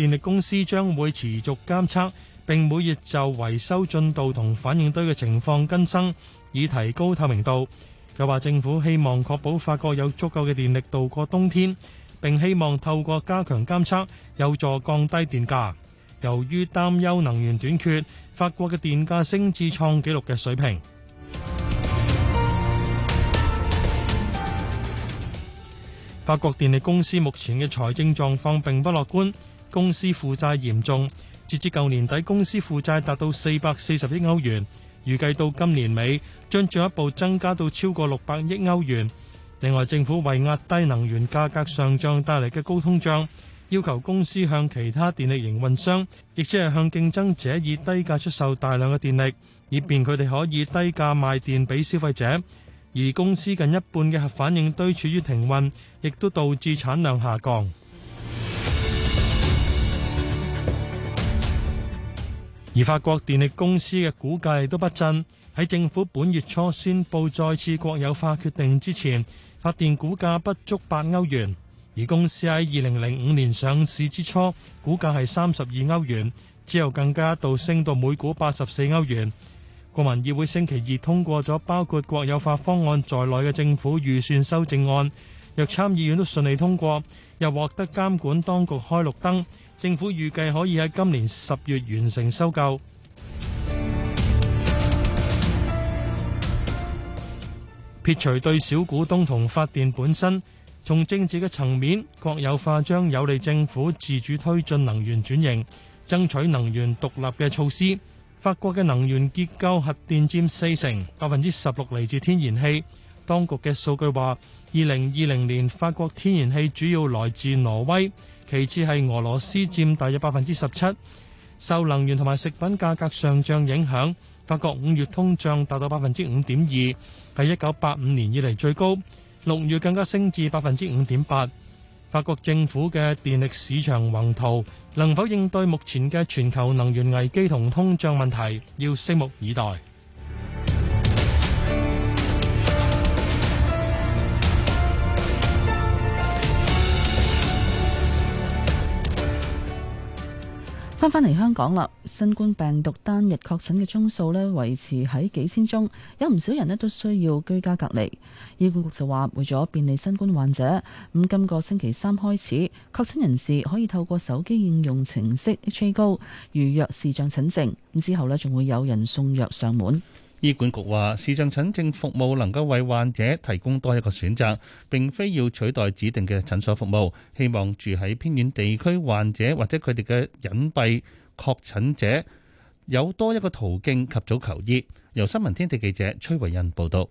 電力公司將會持續監測，並每月就維修進度同反應堆嘅情況更新，以提高透明度。佢話政府希望確保法國有足夠嘅電力度過冬天，並希望透過加強監測，有助降低電價。由於擔憂能源短缺，法國嘅電價升至創紀錄嘅水平。法國電力公司目前嘅財政狀況並不樂觀。公司負債嚴重，截至舊年底，公司負債達到四百四十億歐元，預計到今年尾將進一步增加到超過六百億歐元。另外，政府為壓低能源價格上漲帶嚟嘅高通脹，要求公司向其他電力營運商，亦即係向競爭者以低價出售大量嘅電力，以便佢哋可以低價賣電俾消費者。而公司近一半嘅核反應堆處於停運，亦都導致產量下降。而法國電力公司嘅股價都不振，喺政府本月初宣布再次國有化決定之前，發電股價不足八歐元。而公司喺二零零五年上市之初，股價係三十二歐元，之後更加一度升到每股八十四歐元。國民議會星期二通過咗包括國有化方案在內嘅政府預算修正案，若參議院都順利通過，又獲得監管當局開綠燈。政府預計可以喺今年十月完成收購。撇除對小股東同發電本身，從政治嘅層面，國有化將有利政府自主推進能源轉型，爭取能源獨立嘅措施。法國嘅能源結構，核電佔四成，百分之十六嚟自天然氣。當局嘅數據話，二零二零年法國天然氣主要來自挪威。其次係俄羅斯佔大約百分之十七，受能源同埋食品價格上漲影響，法國五月通脹達到百分之五點二，係一九八五年以嚟最高。六月更加升至百分之五點八。法國政府嘅電力市場宏圖能否應對目前嘅全球能源危機同通脹問題，要拭目以待。翻返嚟香港啦，新冠病毒單日確診嘅宗數咧，維持喺幾千宗，有唔少人咧，都需要居家隔離。醫管局就話，為咗便利新冠患者，咁今個星期三開始，確診人士可以透過手機應用程式 H 高預約視像診症，之後咧仲會有人送藥上門。醫管局話，視像診症服務能夠為患者提供多一個選擇，並非要取代指定嘅診所服務。希望住喺偏遠地區患者，或者佢哋嘅隱蔽確診者有多一個途徑及早求醫。由新聞天地記者崔維恩報道，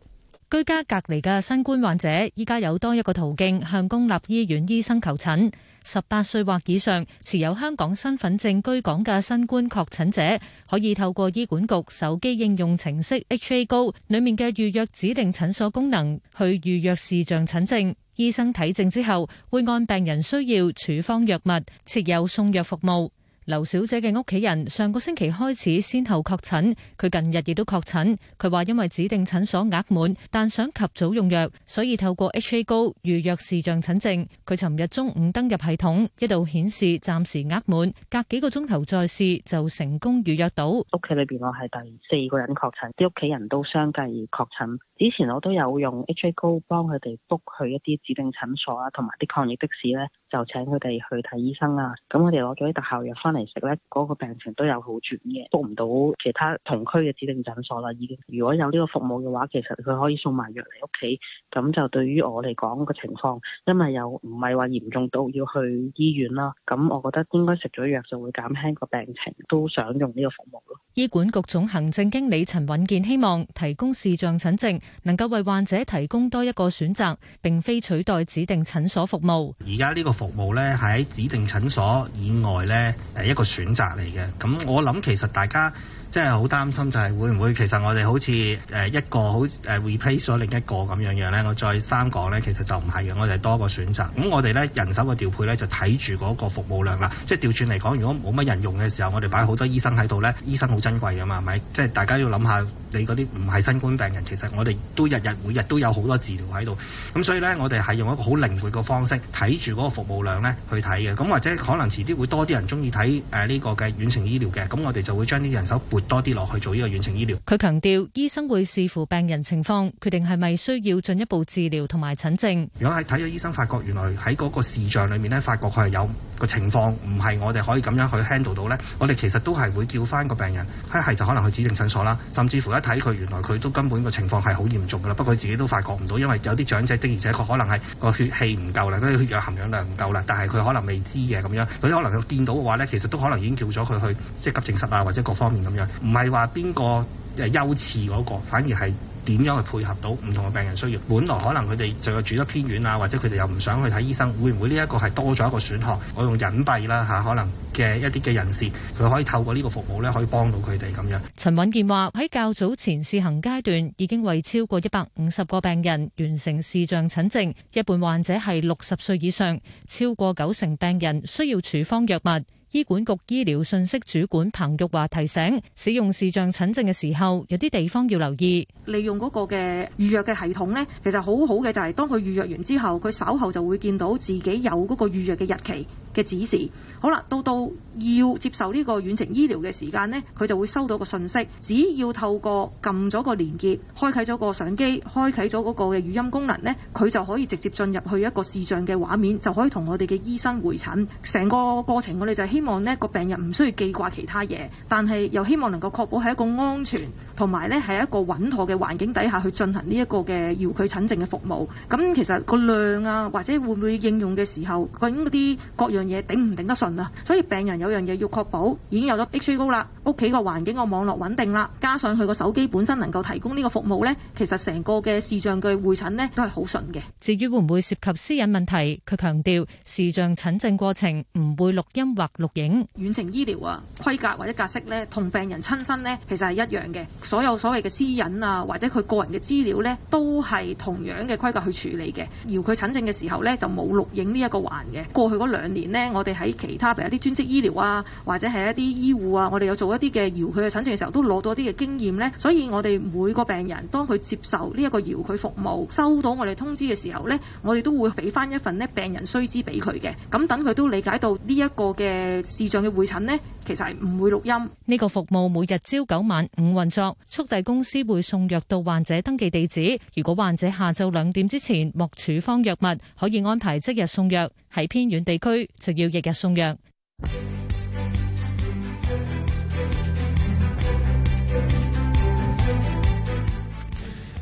居家隔離嘅新冠患者依家有多一個途徑向公立醫院醫生求診。十八歲或以上持有香港身份證、居港嘅新冠確診者，可以透過醫管局手機應用程式 HA 高裏面嘅預約指定診所功能去預約視像診症，醫生睇症之後會按病人需要處方藥物，設有送藥服務。劉小姐嘅屋企人上個星期開始先後確診，佢近日亦都確診。佢話因為指定診所額滿，但想及早用藥，所以透過 H A 高預約視像診症。佢尋日中午登入系統，一度顯示暫時額滿，隔幾個鐘頭再試就成功預約到。屋企裏邊我係第四個人確診，啲屋企人都相繼確診。之前我都有用 H A 高幫佢哋 book 去一啲指定診所啊，同埋啲抗疫的士呢，就請佢哋去睇醫生啊。咁我哋攞咗啲特效藥翻嚟。其實咧，嗰個病情都有好轉嘅 book 唔到其他同區嘅指定診所啦。已經如果有呢個服務嘅話，其實佢可以送埋藥嚟屋企，咁就對於我嚟講個情況，因為又唔係話嚴重到要去醫院啦。咁我覺得應該食咗藥就會減輕個病情，都想用呢個服務咯。醫管局總行政經理陳允健，希望提供視像診症，能夠為患者提供多一個選擇，並非取代指定診所服務。而家呢個服務咧喺指定診所以外咧。 <noise> 係一個選擇嚟嘅，咁我諗，其實大家。即係好擔心就係會唔會其實我哋好似誒一個好誒 replace 咗另一個咁樣樣咧，我再三講咧，其實就唔係嘅，我哋係多個選擇。咁我哋咧人手嘅調配咧就睇住嗰個服務量啦。即係調轉嚟講，如果冇乜人用嘅時候，我哋擺好多醫生喺度咧，醫生好珍貴㗎嘛，係咪？即係大家要諗下，你嗰啲唔係新冠病人，其實我哋都日日每日都有好多治療喺度。咁所以咧，我哋係用一個好靈活嘅方式睇住嗰個服務量咧去睇嘅。咁或者可能遲啲會多啲人鍾意睇誒呢個嘅遠程醫療嘅，咁我哋就會將啲人手多啲落去做呢個遠程醫療。佢強調，醫生會視乎病人情況，決定係咪需要進一步治療同埋診症。如果係睇咗醫生發覺，原來喺嗰個視像裏面咧，發覺佢係有個情況，唔係我哋可以咁樣去 handle 到咧。我哋其實都係會叫翻個病人，一係就可能去指定診所啦，甚至乎一睇佢原來佢都根本個情況係好嚴重噶啦。不過佢自己都發覺唔到，因為有啲長者的而且確可能係個血氣唔夠啦，嗰啲血液含氧量唔夠啦。但係佢可能未知嘅咁樣，佢可能佢見到嘅話咧，其實都可能已經叫咗佢去即係急症室啊，或者各方面咁樣。唔係話邊個優次嗰個，反而係點樣去配合到唔同嘅病人需要。本來可能佢哋就係住得偏遠啊，或者佢哋又唔想去睇醫生，會唔會呢一個係多咗一個選項？我用隱蔽啦嚇，可能嘅一啲嘅人士，佢可以透過呢個服務咧，可以幫到佢哋咁樣。陳允健話喺較早前試行階段，已經為超過一百五十個病人完成視像診症，一半患者係六十歲以上，超過九成病人需要處方藥物。醫管局醫療信息主管彭玉華提醒，使用視像診症嘅時候，有啲地方要留意。利用嗰個嘅預約嘅系統呢，其實好好嘅就係，當佢預約完之後，佢稍後就會見到自己有嗰個預約嘅日期。嘅指示，好啦，到到要接受呢個遠程醫療嘅時間咧，佢就會收到個信息，只要透過撳咗個連接，開啟咗個相機，開啟咗嗰個嘅語音功能咧，佢就可以直接進入去一個視像嘅畫面，就可以同我哋嘅醫生會診。成個過程我哋就希望咧，個病人唔需要記掛其他嘢，但係又希望能夠確保係一個安全。同埋咧，係一個穩妥嘅環境底下去進行呢一個嘅遙距診症嘅服務。咁其實個量啊，或者會唔會應用嘅時候，嗰啲各樣嘢頂唔頂得順啊？所以病人有樣嘢要確保，已經有咗 h c o 啦，屋企個環境個網絡穩定啦，加上佢個手機本身能夠提供呢個服務咧，其實成個嘅視像嘅會診咧都係好順嘅。至於會唔會涉及私隱問題，佢強調視像診症過程唔會錄音或錄影。遠程醫療啊，規格或者格式咧，同病人親身咧其實係一樣嘅。所有所謂嘅私隱啊，或者佢個人嘅資料呢，都係同樣嘅規格去處理嘅。遙距診症嘅時候呢，就冇錄影呢一個環嘅。過去嗰兩年呢，我哋喺其他譬如一啲專職醫療啊，或者係一啲醫護啊，我哋有做一啲嘅遙距嘅診症嘅時候，都攞到一啲嘅經驗呢。所以我哋每個病人當佢接受呢一個遙距服務，收到我哋通知嘅時候呢，我哋都會俾翻一份呢病人須知俾佢嘅。咁等佢都理解到呢一個嘅視像嘅會診呢。其實唔會錄音。呢個服務每日朝九晚五運作，速遞公司會送藥到患者登記地址。如果患者下晝兩點之前獲處方藥物，可以安排即日送藥。喺偏遠地區就要日日送藥。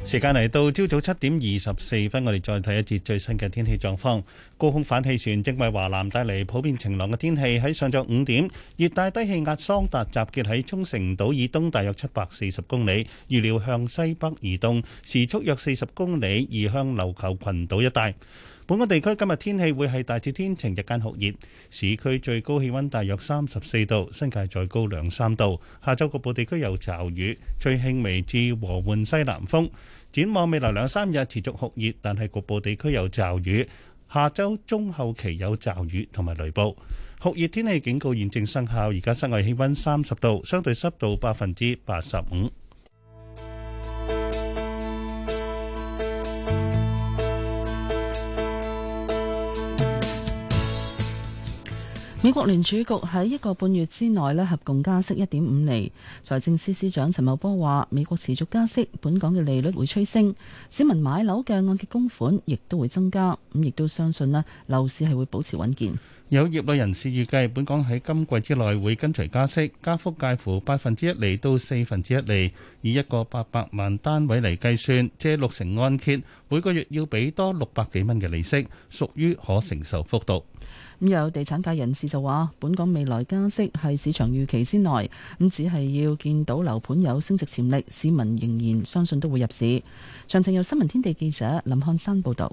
時間嚟到朝早七點二十四分，我哋再睇一節最新嘅天氣狀況。高空反氣旋正為華南帶嚟普遍晴朗嘅天氣。喺上晝五點，熱帶低氣壓桑達集結喺沖繩島以東大約七百四十公里，預料向西北移動，時速約四十公里，移向琉球群島一帶。本港地區今日天氣會係大致天晴，日間酷熱，市區最高氣溫大約三十四度，新界再高兩三度。下晝局部地區有驟雨，吹輕微至和緩西南風。展望未來兩三日持續酷熱，但係局部地區有驟雨。下週中後期有驟雨同埋雷暴。酷熱天氣警告現正生效。而家室外氣溫三十度，相對濕度百分之八十五。美國聯儲局喺一個半月之內呢合共加息一點五厘。財政司司司長陳茂波話，美國持續加息，本港嘅利率會趨升，市民買樓嘅按揭供款亦都會增加。咁亦都相信呢樓市係會保持穩健。有業內人士預計，本港喺今季之內會跟隨加息，加幅介乎百分之一厘到四分之一厘。以一個八百萬單位嚟計算，借六成按揭，每個月要俾多六百幾蚊嘅利息，屬於可承受幅度。咁有地產界人士就話：本港未來加息係市場預期之內，咁只係要見到樓盤有升值潛力，市民仍然相信都會入市。詳情由新聞天地記者林漢山報道。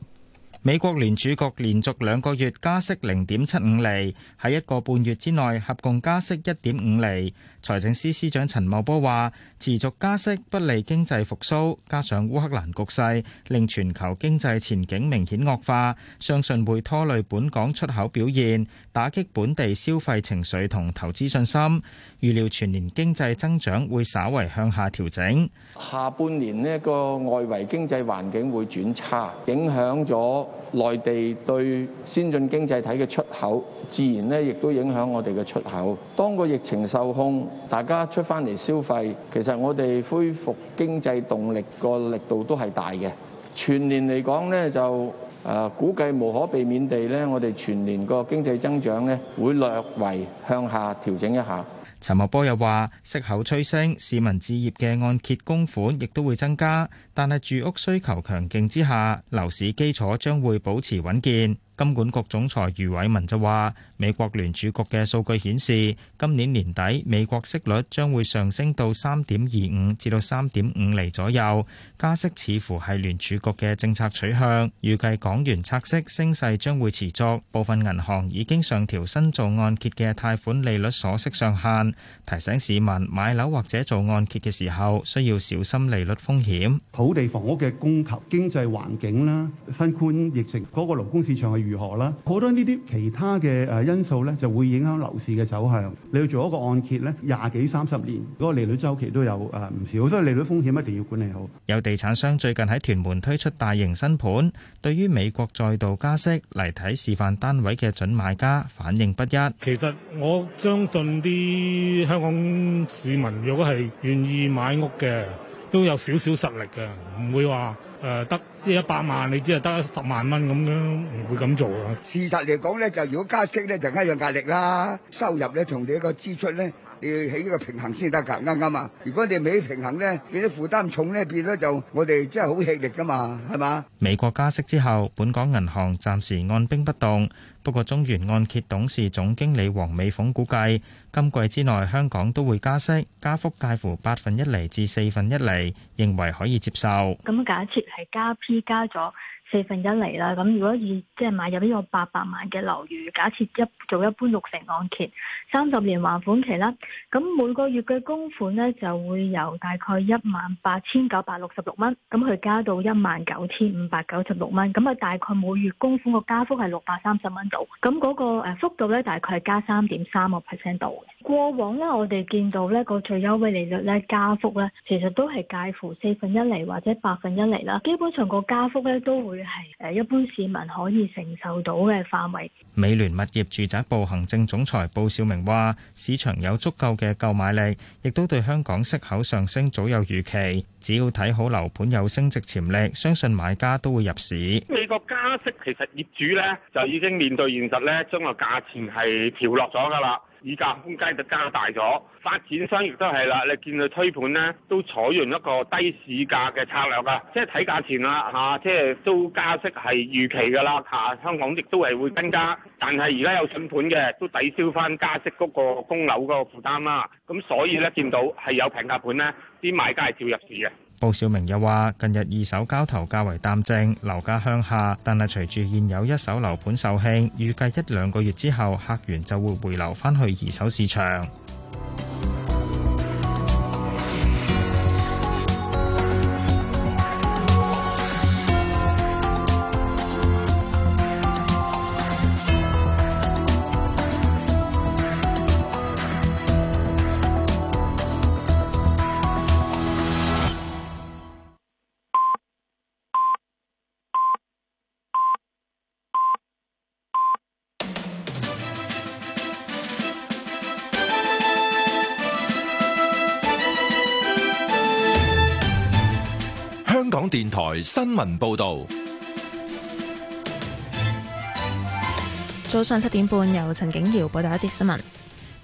美國聯儲局連續兩個月加息零點七五厘，喺一個半月之內合共加息一點五厘。財政司司長陳茂波話。持續加息不利經濟復甦，加上烏克蘭局勢令全球經濟前景明顯惡化，相信會拖累本港出口表現，打擊本地消費情緒同投資信心。預料全年經濟增長會稍為向下調整，下半年呢個外圍經濟環境會轉差，影響咗內地對先進經濟體嘅出口，自然呢亦都影響我哋嘅出口。當個疫情受控，大家出翻嚟消費，其實我哋恢復經濟動力個力度都係大嘅。全年嚟講呢，就誒、呃、估計無可避免地呢，我哋全年個經濟增長呢會略為向下調整一下。陳茂波又話：息口趨升，市民置業嘅按揭供款亦都會增加。但係住屋需求強勁之下，樓市基礎將會保持穩健。金管局總裁余偉文就話：美國聯儲局嘅數據顯示，今年年底美國息率將會上升到三點二五至到三點五釐左右，加息似乎係聯儲局嘅政策取向。預計港元拆息升勢將會持續。部分銀行已經上調新造按揭嘅貸款利率鎖息上限，提醒市民買樓或者做按揭嘅時候，需要小心利率風險。土地、房屋嘅供求、經濟環境啦、新冠疫情嗰個勞工市場係如何啦，好多呢啲其他嘅誒因素咧，就會影響樓市嘅走向。你要做一個按揭咧，廿幾三十年嗰個利率週期都有誒唔少，所以利率風險一定要管理好。有地產商最近喺屯門推出大型新盤，對於美國再度加息，嚟睇示範單位嘅準買家反應不一。其實我相信啲香港市民如果係願意買屋嘅。都有少少實力嘅，唔會話、呃、得一百萬，你只係得十萬蚊咁樣，唔會咁做啊！事實嚟講呢，就如果加息咧，就更加有壓力啦。收入咧，同你一個支出咧。要起呢個平衡先得㗎，啱啱啊！如果你未起平衡咧，變啲負擔重咧，變咗就我哋真係好吃力噶嘛，係嘛？美國加息之後，本港銀行暫時按兵不動。不過，中原按揭董事總經理黃美鳳估計，今季之內香港都會加息，加幅介乎八分一釐至四分一釐，認為可以接受。咁假設係加 P 加咗，四分一嚟啦，咁如果以即係買入呢個八百萬嘅樓宇，假設一做一般六成按揭，三十年還款期啦，咁每個月嘅供款咧就會由大概一萬八千九百六十六蚊，咁去加到一萬九千五百九十六蚊，咁啊大概每月供款個加幅係六百三十蚊度，咁嗰個誒幅度咧大概係加三點三個 percent 度嘅。過往呢，我哋見到呢個最優惠利率咧加幅咧，其實都係介乎四分一厘或者八分一厘啦。基本上個加幅咧都會係誒一般市民可以承受到嘅範圍。美聯物業住宅部行政總裁布少明話：市場有足夠嘅購買力，亦都對香港息口上升早有預期。只要睇好樓盤有升值潛力，相信買家都會入市。美國加息其實業主呢，就已經面對現實呢，將個價錢係調落咗㗎啦。議價空間就加大咗，發展商亦都係啦，你見佢推盤咧都採用一個低市價嘅策略㗎，即係睇價錢啦嚇、啊，即係都加息係預期㗎啦嚇，香港亦都係會增加，但係而家有筍盤嘅都抵消翻加息嗰個供樓嗰個負擔啦，咁所以咧見到係有平價盤咧，啲買家係照入市嘅。鮑小明又話，近日二手交投較為淡靜，樓價向下，但係隨住現有一手樓盤售罄，預計一兩個月之後，客源就會回流返去二手市場。電台新聞報道。早上七點半，由陳景瑤報道一節新聞。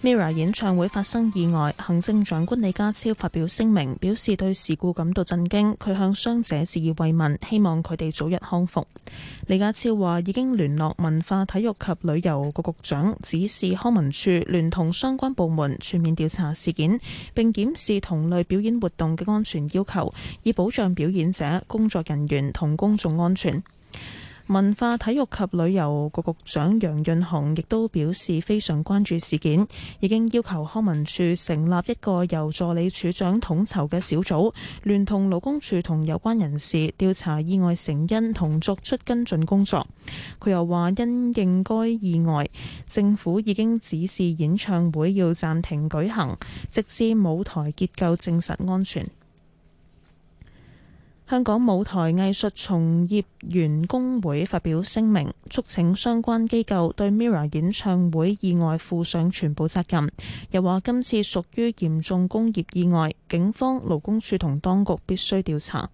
MIRROR 演唱會發生意外，行政長官李家超發表聲明，表示對事故感到震驚。佢向傷者致以慰問，希望佢哋早日康復。李家超話已經聯絡文化、體育及旅遊局局長，指示康文署聯同相關部門全面調查事件，並檢視同類表演活動嘅安全要求，以保障表演者、工作人員同公眾安全。文化體育及旅遊局局長楊潤雄亦都表示非常關注事件，已經要求康文署成立一個由助理署長統籌嘅小組，聯同勞工處同有關人士調查意外成因同作出跟進工作。佢又話，因應該意外，政府已經指示演唱會要暫停舉行，直至舞台結構證實安全。香港舞台藝術從業員工會發表聲明，促請相關機構對 MIRROR 演唱會意外負上全部責任。又話今次屬於嚴重工業意外，警方、勞工處同當局必須調查。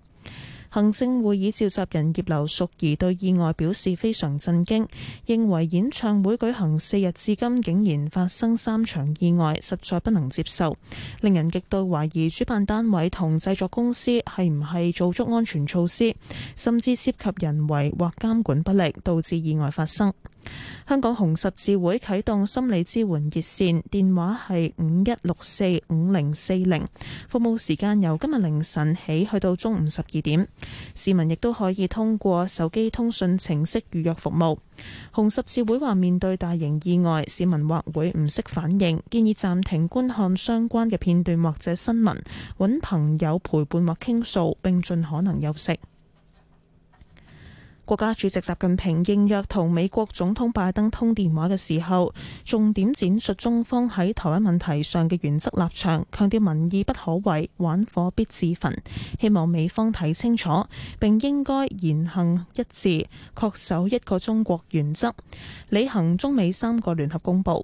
行政會議召集人葉劉淑儀對意外表示非常震驚，認為演唱會舉行四日至今，竟然發生三場意外，實在不能接受，令人極度懷疑主辦單位同製作公司係唔係做足安全措施，甚至涉及人為或監管不力，導致意外發生。香港紅十字會啟動心理支援熱線，電話係五一六四五零四零，40, 服務時間由今日凌晨起去到中午十二點。市民亦都可以通過手機通訊程式預約服務。紅十字會話面對大型意外，市民或會唔識反應，建議暫停觀看相關嘅片段或者新聞，揾朋友陪伴或傾訴，並盡可能休息。國家主席習近平應約同美國總統拜登通電話嘅時候，重點展述中方喺台灣問題上嘅原則立場，強調民意不可違，玩火必自焚，希望美方睇清楚，並應該言行一致，恪守一個中國原則，履行中美三個聯合公報。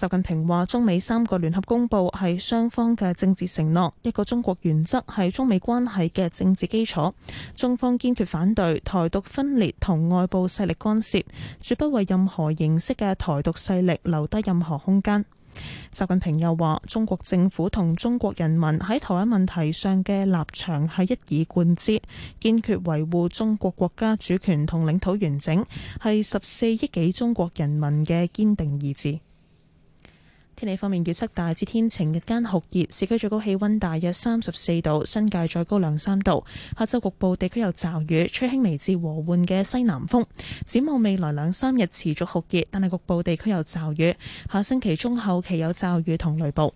習近平話：中美三個聯合公布係雙方嘅政治承諾，一個中國原則係中美關係嘅政治基礎。中方堅決反對台獨分裂同外部勢力干涉，絕不為任何形式嘅台獨勢力留低任何空間。習近平又話：中國政府同中國人民喺台灣問題上嘅立場係一以貫之，堅決維護中國國家主權同領土完整，係十四億幾中國人民嘅堅定意志。天氣方面，預測大致天晴，日間酷熱，市區最高氣溫大約三十四度，新界再高兩三度。下周局部地區有驟雨，吹輕微至和緩嘅西南風。展望未來兩三日持續酷熱，但係局部地區有驟雨。下星期中後期有驟雨同雷暴。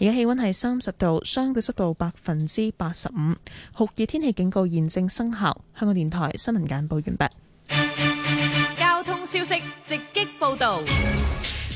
而家氣溫係三十度，相對濕度百分之八十五，酷熱天氣警告現正生效。香港電台新聞簡報完畢。交通消息直擊報道。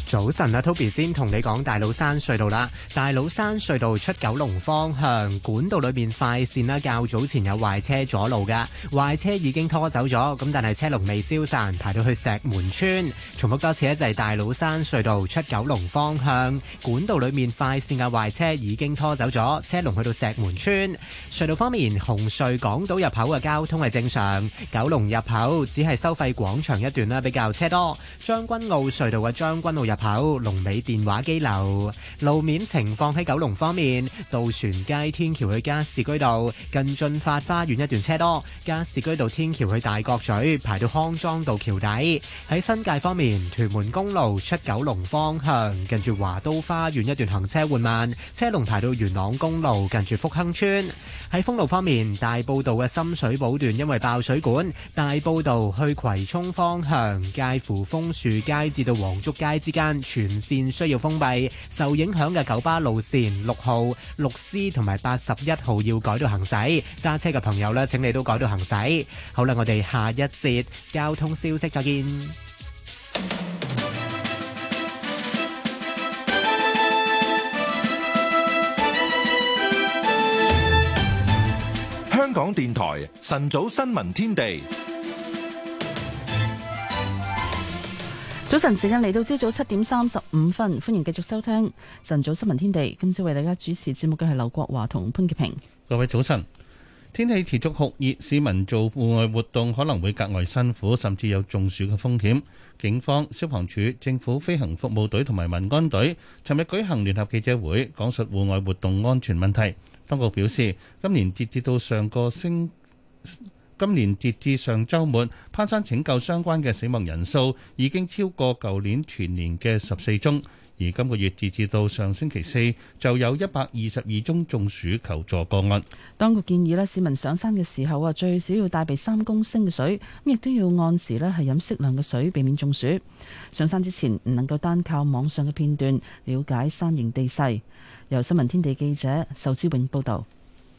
早晨啊，Toby 先同你講大老山隧道啦。大老山隧道出九龍方向管道裏面快線啦，較早前有壞車阻路噶，壞車已經拖走咗，咁但係車龍未消散，排到去石門村。重複多次，就係大老山隧道出九龍方向管道裏面快線嘅壞車已經拖走咗，車龍去到石門村。隧道方面，紅隧港島入口嘅交通係正常，九龍入口只係收費廣場一段啦，比較車多。將軍澳隧道嘅將軍澳入口。口龍尾電話機樓路面情況，喺九龍方面，渡船街天橋去加士居道近駿發花園一段車多；加士居道天橋去大角咀排到康莊道橋底。喺新界方面，屯門公路出九龍方向近住華都花園一段行車緩慢，車龍排到元朗公路近住福亨村。喺封路方面，大埔道嘅深水埗段因為爆水管，大埔道去葵涌方向介乎楓樹街至到黃竹街之間。全線需要封閉，受影響嘅九巴路線六號、六 C 同埋八十一號要改道行駛，揸車嘅朋友呢，請你都改道行駛。好啦，我哋下一節交通消息再見。香港電台晨早新聞天地。早晨，時間嚟到，朝早七點三十五分，歡迎繼續收聽晨早新聞天地。今朝為大家主持節目嘅係劉國華同潘潔平。各位早晨，天氣持續酷熱，市民做戶外活動可能會格外辛苦，甚至有中暑嘅風險。警方、消防處、政府飛行服務隊同埋民安隊尋日舉行聯合記者會，講述戶外活動安全問題。當局表示，今年截至到上個星今年截至上周末，攀山拯救相關嘅死亡人數已經超過舊年全年嘅十四宗，而今個月截至到上星期四就有一百二十二宗中暑求助個案。當局建議咧，市民上山嘅時候啊，最少要帶備三公升嘅水，咁亦都要按時咧係飲適量嘅水，避免中暑。上山之前唔能夠單靠網上嘅片段了解山形地勢。由新聞天地記者仇之永報道。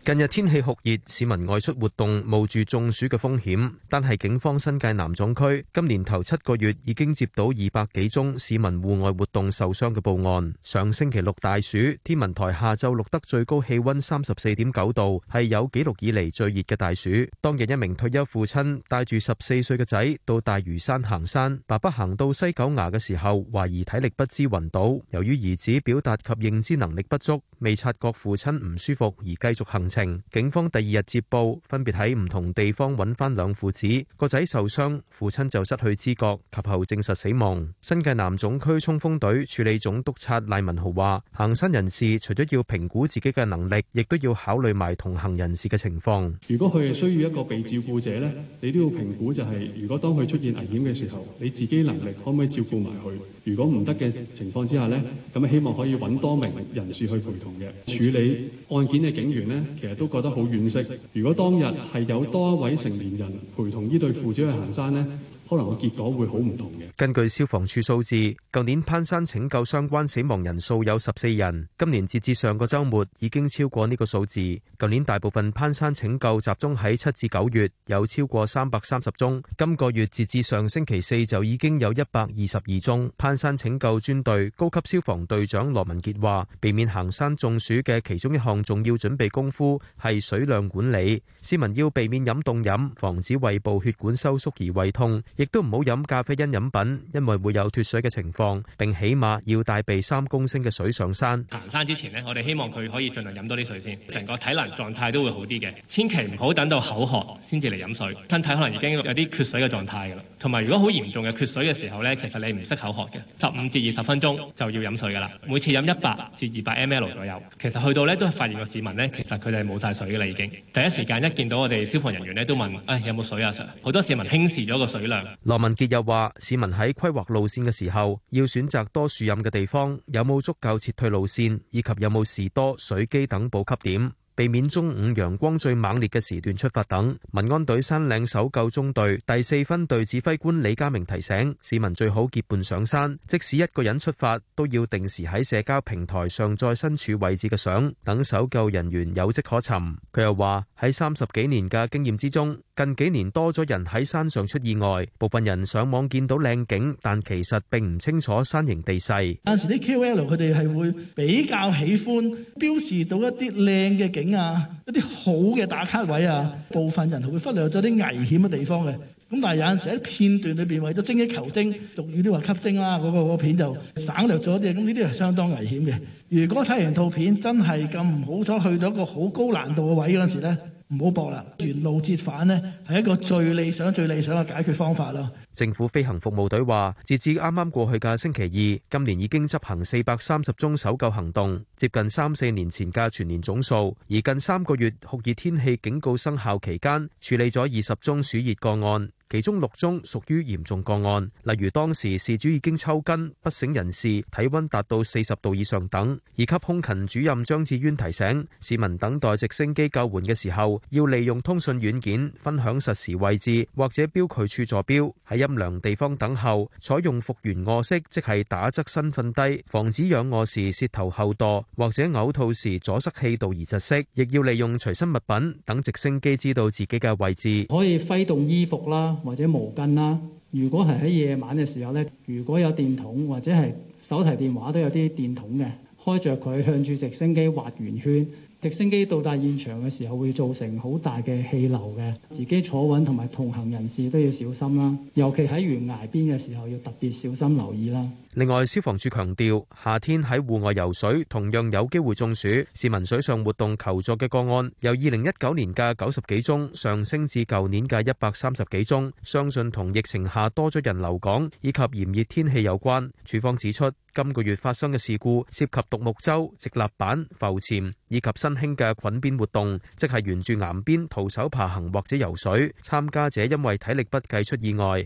近日天氣酷熱，市民外出活動冒住中暑嘅風險。但係警方新界南總區今年頭七個月已經接到二百幾宗市民戶外活動受傷嘅報案。上星期六大暑，天文台下晝錄得最高氣溫三十四點九度，係有記錄以嚟最熱嘅大暑。當日一名退休父親帶住十四歲嘅仔到大嶼山行山，爸爸行到西狗牙嘅時候，懷疑體力不支暈倒。由於兒子表達及認知能力不足，未察覺父親唔舒服而繼續行。警方第二日接報，分別喺唔同地方揾翻兩父子，個仔受傷，父親就失去知覺，及後證實死亡。新界南總區衝鋒隊處理總督察賴文豪話：行山人士除咗要評估自己嘅能力，亦都要考慮埋同行人士嘅情況。如果佢係需要一個被照顧者呢，你都要評估就係，如果當佢出現危險嘅時候，你自己能力可唔可以照顧埋佢？如果唔得嘅情況之下呢，咁希望可以揾多名人士去陪同嘅。處理案件嘅警員呢。其實都覺得好惋惜。如果當日係有多一位成年人陪同呢對父子去行山咧，可能個結果會好唔同嘅。根據消防處數字，舊年攀山拯救相關死亡人數有十四人，今年截至上個週末已經超過呢個數字。舊年大部分攀山拯救集中喺七至九月，有超過三百三十宗。今個月截至上星期四就已經有一百二十二宗。攀山拯救專隊高級消防隊長羅文傑話，避免行山中暑嘅其中一項重要準備功夫係水量管理。市民要避免飲凍飲，防止胃部血管收縮而胃痛。亦都唔好飲咖啡因飲品，因為會有脫水嘅情況。並起碼要帶備三公升嘅水上山。行山之前呢，我哋希望佢可以盡量飲多啲水先，成個體能狀態都會好啲嘅。千祈唔好等到口渴先至嚟飲水，身體可能已經有啲缺水嘅狀態㗎喇。同埋，如果好嚴重嘅缺水嘅時候呢，其實你唔識口渴嘅，十五至二十分鐘就要飲水㗎喇。每次飲一百至二百 mL 左右。其實去到呢都係發現個市民呢，其實佢哋冇晒水㗎喇已經。第一時間一見到我哋消防人員呢，都問，哎，有冇水啊？Sir。好多市民輕視咗個水量。羅文傑又話：市民喺規劃路線嘅時候，要選擇多樹蔭嘅地方，有冇足夠撤退路線，以及有冇士多、水機等補給點，避免中午陽光最猛烈嘅時段出發等。民安隊山嶺搜救中隊第四分隊指揮官李家明提醒市民最好結伴上山，即使一個人出發，都要定時喺社交平台上載身處位置嘅相，等搜救人員有跡可尋。佢又話喺三十幾年嘅經驗之中，近幾年多咗人喺山上出意外，部分人上網見到靚景，但其實並唔清楚山形地勢。有陣時啲 KOL 佢哋係會比較喜歡標示到一啲靚嘅景啊，一啲好嘅打卡位啊，部分人係會忽略咗啲危險嘅地方嘅。咁但係有陣時喺片段裏邊為咗精益求精，仲要都話吸睛啦，嗰、嗰個片就省略咗啲，咁呢啲係相當危險嘅。如果睇完套片真係咁唔好彩，去到一個好高難度嘅位嗰陣時咧？唔好搏啦，沿路折返呢，係一個最理想、最理想嘅解決方法咯。政府飛行服務隊話，截至啱啱過去嘅星期二，今年已經執行四百三十宗搜救行動，接近三四年前嘅全年總數，而近三個月酷熱天氣警告生效期間，處理咗二十宗暑熱個案。其中六宗屬於嚴重個案，例如當時事主已經抽筋、不省人事、體温達到四十度以上等，以及空勤主任張志淵提醒市民，等待直升機救援嘅時候，要利用通訊軟件分享實時位置或者標佢處座標，喺陰涼地方等候。採用復原卧式，即係打側身瞓低，防止仰卧時舌頭後墮或者嘔吐時阻塞氣道而窒息。亦要利用隨身物品等直升機知道自己嘅位置，可以揮動衣服啦。或者毛巾啦，如果係喺夜晚嘅時候咧，如果有電筒或者係手提電話都有啲電筒嘅，開着佢向住直升機畫圓圈。直升機到達現場嘅時候會造成好大嘅氣流嘅，自己坐穩同埋同行人士都要小心啦，尤其喺懸崖邊嘅時候要特別小心留意啦。另外，消防處強調夏天喺戶外游水同樣有機會中暑。市民水上活動求助嘅個案由二零一九年嘅九十幾宗上升至舊年嘅一百三十幾宗，相信同疫情下多咗人流港以及炎熱天氣有關，處方指出，今個月發生嘅事故涉及獨木舟、直立板、浮潛以及新興嘅滾邊活動，即係沿住岩邊徒手爬行或者游水，參加者因為體力不繼出意外。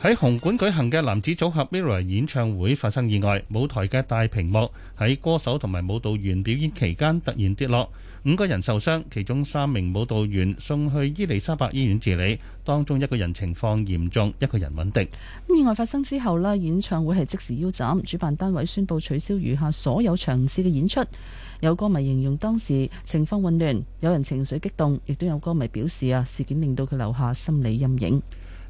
喺紅館舉行嘅男子組合 Mirror 演唱會發生意外，舞台嘅大屏幕喺歌手同埋舞蹈員表演期間突然跌落，五個人受傷，其中三名舞蹈員送去伊利沙伯醫院治理，當中一個人情況嚴重，一個人穩定。意外發生之後咧，演唱會係即時腰斬，主辦單位宣布取消餘下所有場次嘅演出。有歌迷形容當時情況混亂，有人情緒激動，亦都有歌迷表示啊，事件令到佢留下心理陰影。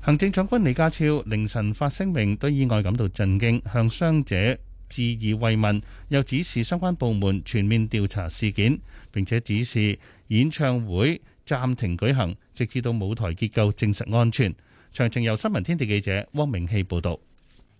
行政長官李家超凌晨發聲明，對意外感到震驚，向傷者致以慰問，又指示相關部門全面調查事件，並且指示演唱會暫停舉行，直至到舞台結構證實安全。詳情由新聞天地記者汪明希報道。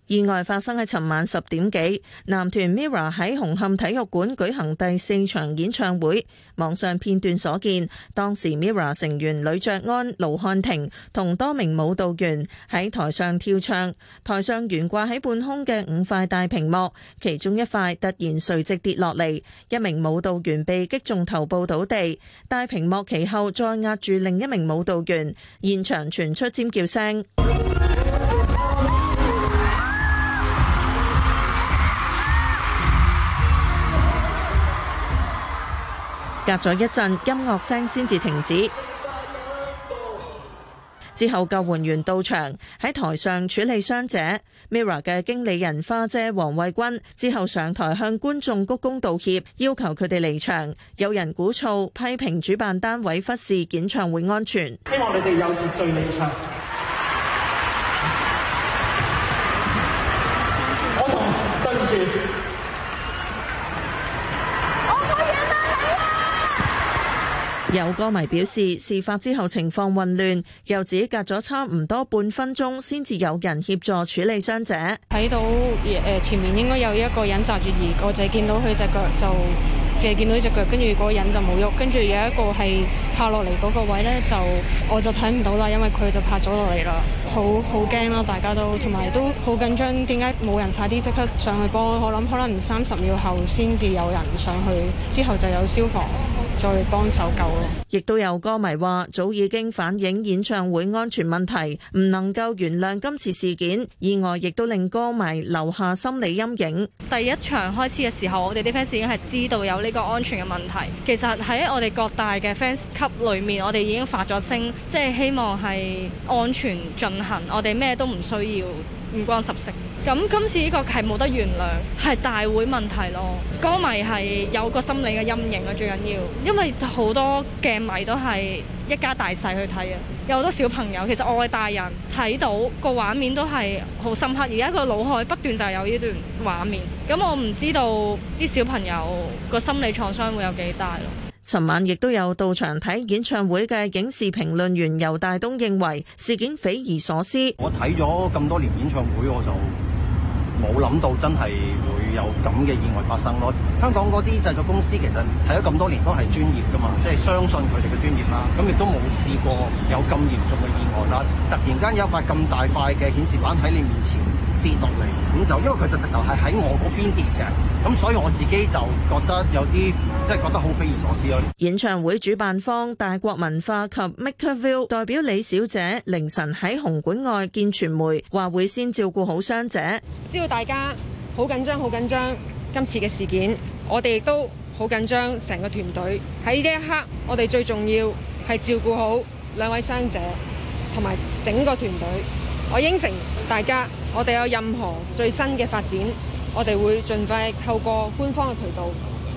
意外發生喺尋晚十點幾，男團 MIRROR 喺紅磡體育館舉行第四場演唱會。網上片段所見，當時 MIRROR 成員呂爵安、盧瀚霆同多名舞蹈員喺台上跳唱。台上懸掛喺半空嘅五塊大屏幕，其中一塊突然垂直跌落嚟，一名舞蹈員被擊中頭部倒地。大屏幕其後再壓住另一名舞蹈員，現場傳出尖叫聲。隔咗一陣，音樂聲先至停止。之後救援員到場喺台上處理傷者。Mira 嘅經理人花姐黃慧君之後上台向觀眾鞠躬道歉，要求佢哋離場。有人鼓噪批評主辦單位忽視演唱會安全。希望你哋有秩序離場。有歌迷表示，事發之後情況混亂，又指隔咗差唔多半分鐘先至有人協助處理傷者。睇到誒前面應該有一個人扎住而個仔，係見到佢隻腳，就就係見到佢隻腳，跟住嗰個人就冇喐，跟住有一個係拍落嚟嗰個位呢，就我就睇唔到啦，因為佢就拍咗落嚟啦，好好驚啦，大家都同埋都好緊張。點解冇人快啲即刻上去幫？我諗可能三十秒後先至有人上去，之後就有消防。再幫手救咯。亦都有歌迷話，早已經反映演唱會安全問題，唔能夠原諒今次事件意外，亦都令歌迷留下心理陰影。第一場開始嘅時候，我哋啲 fans 已經係知道有呢個安全嘅問題。其實喺我哋各大嘅 fans 級裏面，我哋已經發咗聲，即係希望係安全進行，我哋咩都唔需要。五光十色。咁今次呢個係冇得原諒，係大會問題咯。歌迷係有個心理嘅陰影啊，最緊要，因為好多鏡迷都係一家大細去睇啊，有好多小朋友，其實我哋大人睇到個畫面都係好深刻，而家個腦海不斷就係有呢段畫面，咁我唔知道啲小朋友個心理創傷會有幾大咯。尋晚亦都有到場睇演唱會嘅影視評論員游大東認為事件匪夷所思。我睇咗咁多年演唱會，我就冇諗到真係會有咁嘅意外發生咯。香港嗰啲製作公司其實睇咗咁多年都係專業噶嘛，即係相信佢哋嘅專業啦。咁亦都冇試過有咁嚴重嘅意外啦。突然間有一塊咁大塊嘅顯示板喺你面前。跌落嚟，咁就因為佢就直頭係喺我嗰邊跌嘅，咁所以我自己就覺得有啲即係覺得好匪夷所思咯。演唱會主辦方大國文化及 Makerville 代表李小姐凌晨喺紅館外見傳媒，話會先照顧好傷者。知道大家好緊張，好緊張，今次嘅事件，我哋都好緊張，成個團隊喺呢一刻，我哋最重要係照顧好兩位傷者同埋整個團隊。我應承。大家，我哋有任何最新嘅發展，我哋會盡快透過官方嘅渠道，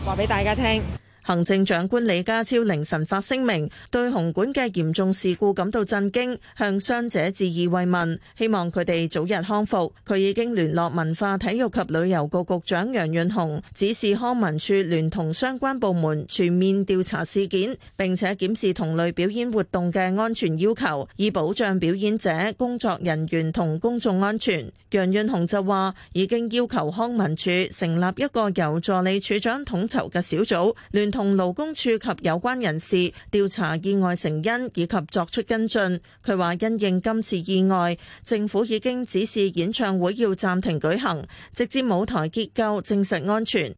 話俾大家聽。行政長官李家超凌晨發聲明，對紅館嘅嚴重事故感到震驚，向傷者致意慰問，希望佢哋早日康復。佢已經聯絡文化體育及旅遊局局長楊潤雄，指示康文署聯同相關部門全面調查事件，並且檢視同類表演活動嘅安全要求，以保障表演者、工作人員同公眾安全。楊潤雄就話，已經要求康文署成立一個由助理處長統籌嘅小組，聯同勞工處及有關人士調查意外成因，以及作出跟進。佢話因應今次意外，政府已經指示演唱會要暫停舉行，直至舞台結構證實安全。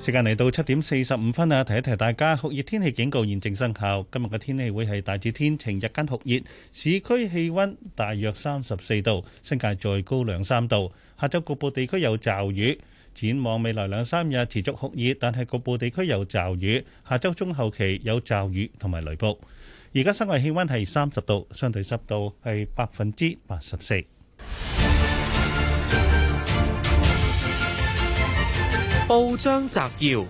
時間嚟到七點四十五分啊，提一提大家酷熱天氣警告現正生效。今日嘅天氣會係大致天晴，日間酷熱，市區氣溫大約三十四度，新界再高兩三度。下周局部地區有驟雨，展望未來兩三日持續酷熱，但係局部地區有驟雨。下周中後期有驟雨同埋雷暴。而家室外氣溫係三十度，相對濕度係百分之八十四。報章摘要：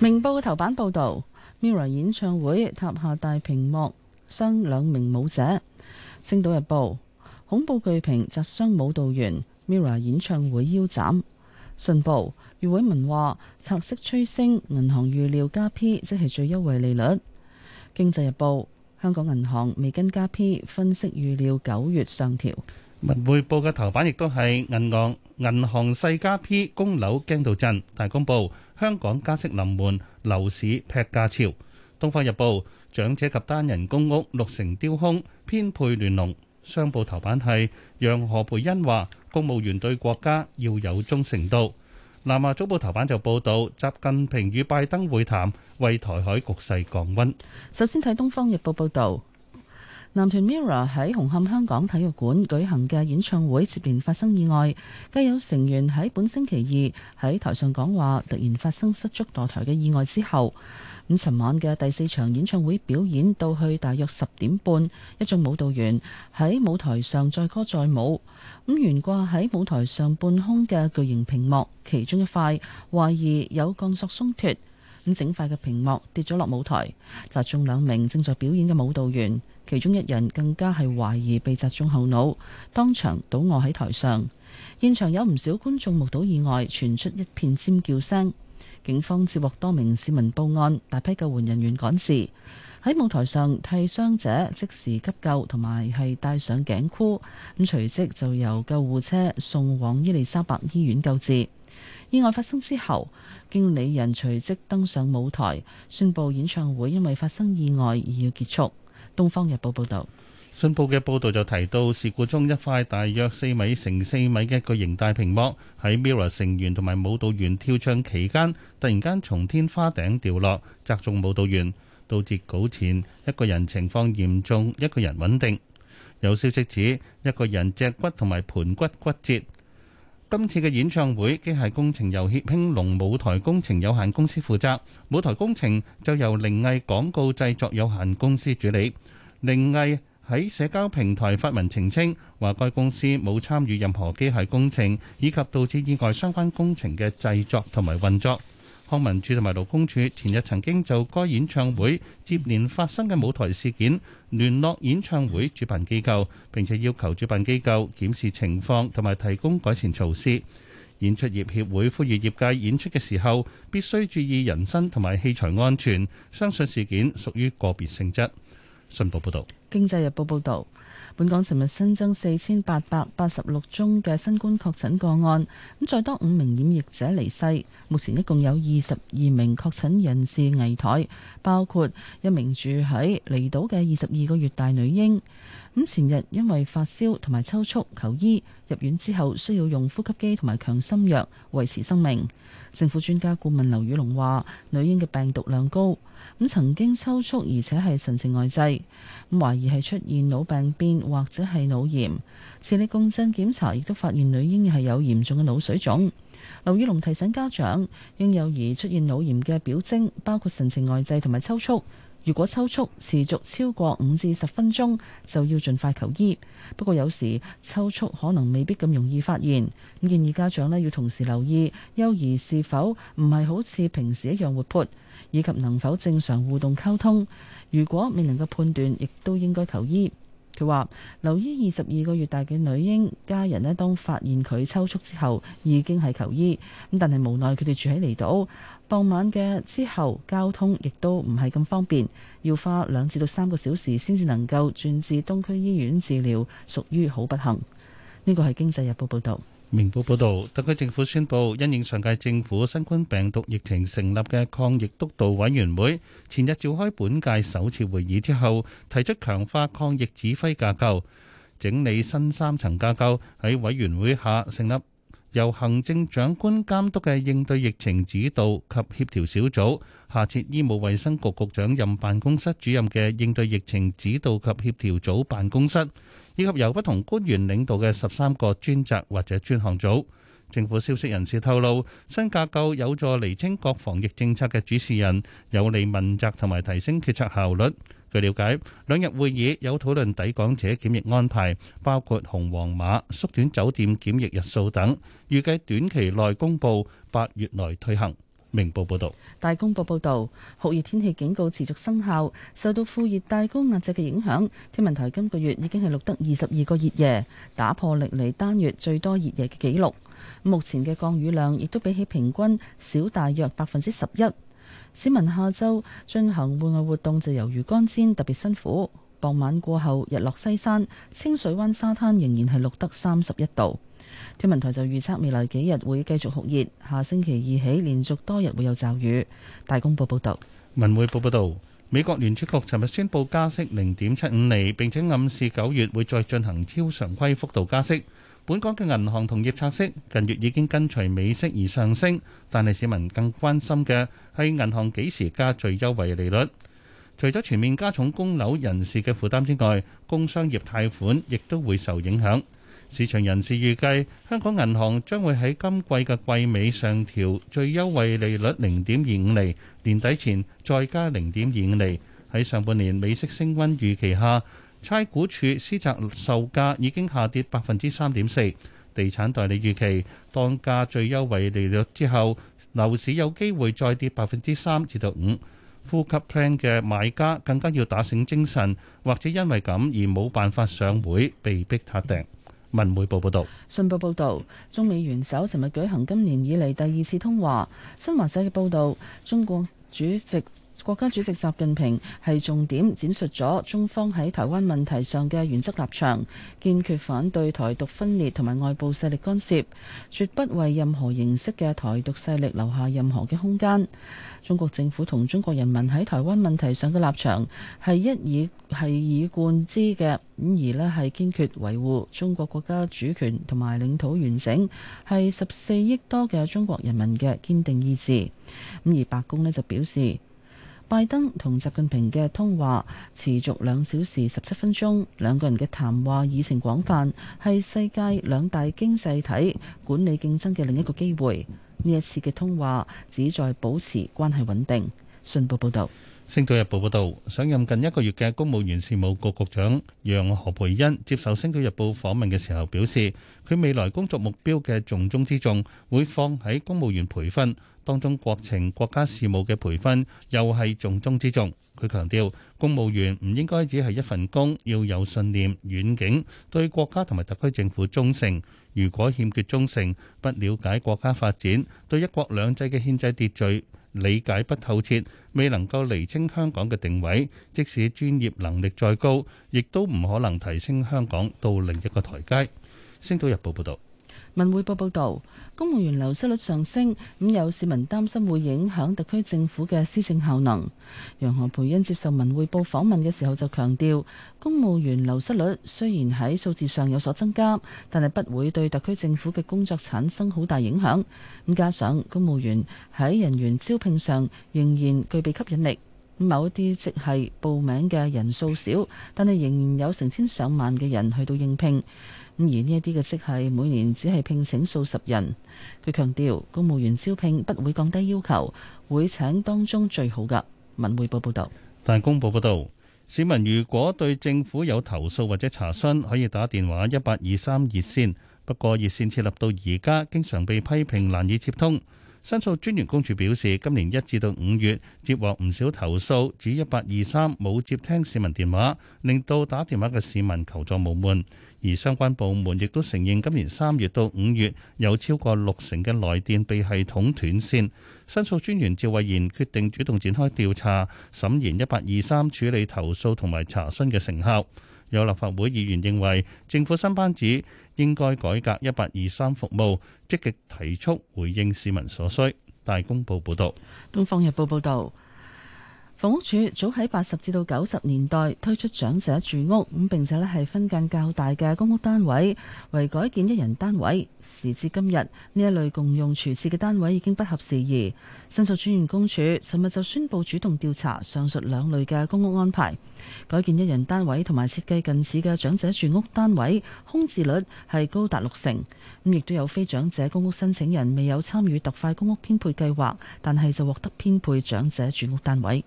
明報嘅頭版報道，MIRROR 演唱會塔下大屏幕，傷兩名舞者；星島日報，恐怖巨屏砸傷舞蹈員；MIRROR 演唱會腰斬；信報，余偉文話拆息趨升，銀行預料加 P 即係最優惠利率；經濟日報，香港銀行未跟加 P，分析預料九月上調。文匯報嘅頭版亦都係銀行銀行世加 P 供樓驚到震，大公報香港加息臨門，樓市劈價潮。東方日報長者及單人公屋六成丟空，編配亂籠。商報頭版係楊何蓓茵話，公務員對國家要有忠誠度。南華早報頭版就報道習近平與拜登會談，為台海局勢降温。首先睇東方日報報道。男團 Mirror 喺紅磡香港體育館舉行嘅演唱會接連發生意外，繼有成員喺本星期二喺台上講話，突然發生失足墮台嘅意外之後，咁尋晚嘅第四場演唱會表演到去大約十點半，一眾舞蹈員喺舞台上載歌載舞，咁懸掛喺舞台上半空嘅巨型屏幕其中一塊，懷疑有鋼索鬆脱，咁整塊嘅屏幕跌咗落舞台，砸中兩名正在表演嘅舞蹈員。其中一人更加係懷疑被砸中後腦，當場倒卧喺台上。現場有唔少觀眾目睹意外，傳出一片尖叫聲。警方接獲多名市民報案，大批救援人員趕至。喺舞台上替傷者即時急救，同埋係戴上頸箍。咁隨即就由救護車送往伊利沙伯醫院救治。意外發生之後，經理人隨即登上舞台，宣布演唱會因為發生意外而要結束。東方日報報道，信報嘅報道就提到，事故中一塊大約四米乘四米嘅巨型大屏幕喺 Mirror 成員同埋舞蹈員跳唱期間，突然間從天花頂掉落，砸中舞蹈員，導致稿前一個人情況嚴重，一個人穩定。有消息指，一個人脊骨同埋盆骨骨、骨折。今次嘅演唱會機械工程由協興龍舞台工程有限公司負責，舞台工程就由凌藝廣告製作有限公司處理。凌藝喺社交平台發文澄清，話該公司冇參與任何機械工程以及導致意外相關工程嘅製作同埋運作。康文署同埋勞工處前日曾經就該演唱會接連發生嘅舞台事件，聯絡演唱會主辦機構，並且要求主辦機構檢視情況同埋提供改善措施。演出業協會呼籲業界演出嘅時候，必須注意人身同埋器材安全，相信事件屬於個別性質。信報報道。《經濟日報》報道。本港尋日新增四千八百八十六宗嘅新冠確診個案，咁再多五名染疫者離世，目前一共有二十二名確診人士危殆，包括一名住喺離島嘅二十二個月大女嬰，咁前日因為發燒同埋抽搐求醫，入院之後需要用呼吸機同埋強心藥維持生命。政府專家顧問劉宇龍話：女嬰嘅病毒量高。咁曾經抽搐，而且係神情呆滯，咁懷疑係出現腦病變或者係腦炎。磁力共振檢查亦都發現女嬰係有嚴重嘅腦水腫。劉宇龍提醒家長，嬰幼兒出現腦炎嘅表徵包括神情呆滯同埋抽搐。如果抽搐持續超過五至十分鐘，就要盡快求醫。不過有時抽搐可能未必咁容易發現，建議家長呢要同時留意幼兒是否唔係好似平時一樣活潑。以及能否正常互動溝通，如果未能夠判斷，亦都應該求醫。佢話留醫二十二個月大嘅女嬰家人咧，當發現佢抽搐之後已經係求醫，咁但係無奈佢哋住喺離島，傍晚嘅之後交通亦都唔係咁方便，要花兩至到三個小時先至能夠轉至東區醫院治療，屬於好不幸。呢個係經濟日報報道。明報報導，特區政府宣布，因應上屆政府新冠病毒疫情成立嘅抗疫督導委員會，前日召開本屆首次會議之後，提出強化抗疫指揮架構，整理新三層架構，喺委員會下成立由行政長官監督嘅應對疫情指導及協調小組，下設醫務衛生局局長任辦公室主任嘅應對疫情指導及協調組辦公室。以及由不同官員領導嘅十三個專責或者專項組，政府消息人士透露，新架構有助釐清各防疫政策嘅主事人，有利問責同埋提升決策效率。據了解，兩日會議有討論抵港者檢疫安排，包括紅黃碼、縮短酒店檢疫日數等，預計短期內公佈，八月內推行。明報報道，大公報報道，酷熱天氣警告持續生效。受到副熱帶高壓脊嘅影響，天文台今個月已經係錄得二十二個熱夜，打破歷嚟單月最多熱夜嘅紀錄。目前嘅降雨量亦都比起平均少大約百分之十一。市民下週進行戶外活動就猶如乾煎，特別辛苦。傍晚過後日落西山，清水灣沙灘仍然係錄得三十一度。天文台就預測未來幾日會繼續酷熱，下星期二起連續多日會有驟雨。大公報報道，文匯報報道，美國聯儲局尋日宣布加息零點七五厘，並且暗示九月會再進行超常規幅度加息。本港嘅銀行同業拆息近月已經跟隨美息而上升，但係市民更關心嘅係銀行幾時加最優惠利率。除咗全面加重供樓人士嘅負擔之外，工商業貸款亦都會受影響。市場人士預計，香港銀行將會喺今季嘅季尾上調最優惠利率零點二五厘，年底前再加零點二五厘。喺上半年美息升溫預期下，差估署私宅售價已經下跌百分之三點四。地產代理預期，當價最優惠利率之後，樓市有機會再跌百分之三至到五。呼吸 plan 嘅買家更加要打醒精神，或者因為咁而冇辦法上會，被迫撻訂。文匯報報道，信報報道，中美元首尋日舉行今年以嚟第二次通話。新華社嘅報道，中國主席。國家主席習近平係重點展述咗中方喺台灣問題上嘅原則立場，堅決反對台獨分裂同埋外部勢力干涉，絕不為任何形式嘅台獨勢力留下任何嘅空間。中國政府同中國人民喺台灣問題上嘅立場係一以係以貫之嘅，咁而呢係堅決維護中國國家主權同埋領土完整，係十四億多嘅中國人民嘅堅定意志。咁而白宮呢就表示，拜登同習近平嘅通話持續兩小時十七分鐘，兩個人嘅談話議程廣泛，係世界兩大經濟體管理競爭嘅另一個機會。呢一次嘅通話旨在保持關係穩定。信報報道。《星島日報》報道，上任近一個月嘅公務員事務局局長楊何培恩接受《星島日報》訪問嘅時候表示，佢未來工作目標嘅重中之重會放喺公務員培訓，當中國情、國家事務嘅培訓又係重中之重。佢強調，公務員唔應該只係一份工，要有信念、遠景，對國家同埋特區政府忠誠。如果欠缺忠誠，不瞭解國家發展，對一國兩制嘅憲制秩序，理解不透徹，未能夠釐清香港嘅定位，即使專業能力再高，亦都唔可能提升香港到另一個台階。星島日報報道。文匯報報道，公務員流失率上升，咁有市民擔心會影響特區政府嘅施政效能。楊何蓓茵接受文匯報訪問嘅時候就強調，公務員流失率雖然喺數字上有所增加，但係不會對特區政府嘅工作產生好大影響。咁加上公務員喺人員招聘上仍然具備吸引力，某一啲即係報名嘅人數少，但係仍然有成千上萬嘅人去到應聘。而呢一啲嘅職系每年只係聘請數十人。佢強調公務員招聘不會降低要求，會請當中最好嘅。文匯報報道，但公報報道，市民如果對政府有投訴或者查詢，可以打電話一八二三熱線，不過熱線設立到而家，經常被批評難以接通。申訴專員公署表示，今年一至到五月接獲唔少投訴指一八二三冇接聽市民電話，令到打電話嘅市民求助無門。而相關部門亦都承認今年三月到五月有超過六成嘅來電被系統斷線，申訴專員趙慧賢決定主動展開調查，審驗一八二三處理投訴同埋查詢嘅成效。有立法會議員認為政府新班子應該改革一八二三服務，積極提速回應市民所需。大公報報道。《東方日報》報導。房屋署早喺八十至到九十年代推出長者住屋，咁並且咧係分間較大嘅公屋單位，為改建一人單位。時至今日，呢一類共用廚廁嘅單位已經不合時宜。申訴專員公署尋日就宣布主動調查上述兩類嘅公屋安排，改建一人單位同埋設計近似嘅長者住屋單位空置率係高達六成，咁亦都有非長者公屋申請人未有參與特快公屋編配計劃，但係就獲得編配長者住屋單位。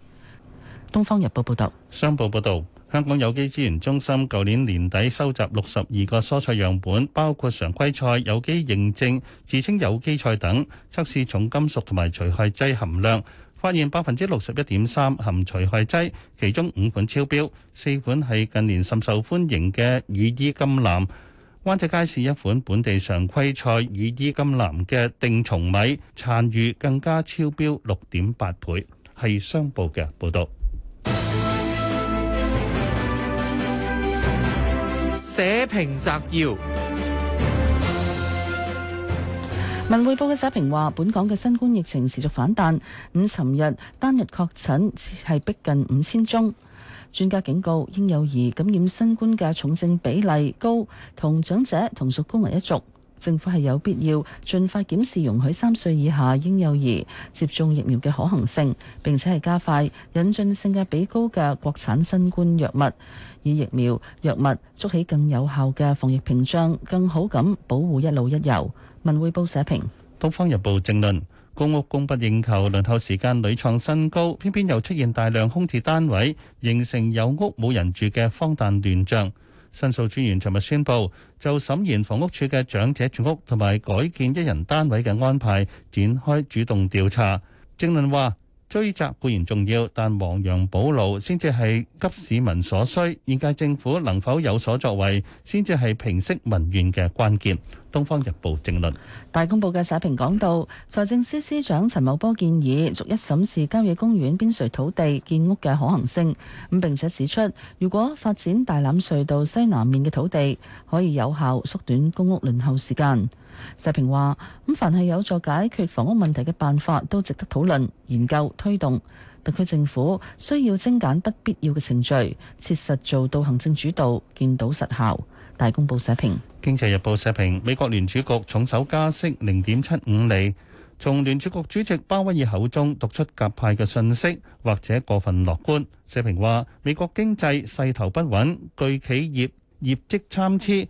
《東方日報》報導，《商報》報導，香港有機資源中心舊年年底收集六十二個蔬菜樣本，包括常規菜、有機認證、自稱有機菜等，測試重金屬同埋除害劑含量，發現百分之六十一點三含除害劑，其中五款超標，四款係近年甚受歡迎嘅羽衣甘藍。灣仔街市一款本，本地常規菜羽衣甘藍嘅定重米殘餘更加超標六點八倍，係商報嘅報導。社評摘要：文匯報嘅社評話，本港嘅新冠疫情持續反彈，五尋日單日確診係逼近五千宗。專家警告，嬰幼兒感染新冠嘅重症比例高，同長者同屬高危一族。政府係有必要盡快檢視容許三歲以下嬰幼兒接種疫苗嘅可行性，並且係加快引進性價比高嘅國產新冠藥物。以疫苗、藥物築起更有效嘅防疫屏障，更好咁保護一路一遊。文匯報社評：《東方日報》政論，公屋供不應求，輪候時間屢創新高，偏偏又出現大量空置單位，形成有屋冇人住嘅荒誕亂象。申訴專員尋日宣布，就審驗房屋署嘅長者住屋同埋改建一人單位嘅安排，展開主動調查。政論話。追責固然重要，但亡羊補牢先至係急市民所需。現屆政府能否有所作為，先至係平息民怨嘅關鍵。《東方日報》正論大公報嘅社評講到，財政司司長陳茂波建議逐一審視郊野公園邊陲土地建屋嘅可行性，咁並且指出，如果發展大欖隧道西南面嘅土地，可以有效縮短公屋輪候時間。社評話：咁凡係有助解決房屋問題嘅辦法，都值得討論、研究、推動。特區政府需要精簡不必要嘅程序，切實做到行政主導，見到實效。大公報社評，經濟日報社評：美國聯儲局重手加息0.75厘，從聯儲局主席鮑威爾口中讀出鴿派嘅訊息，或者過分樂觀。社評話：美國經濟勢頭不穩，巨企業業績參差。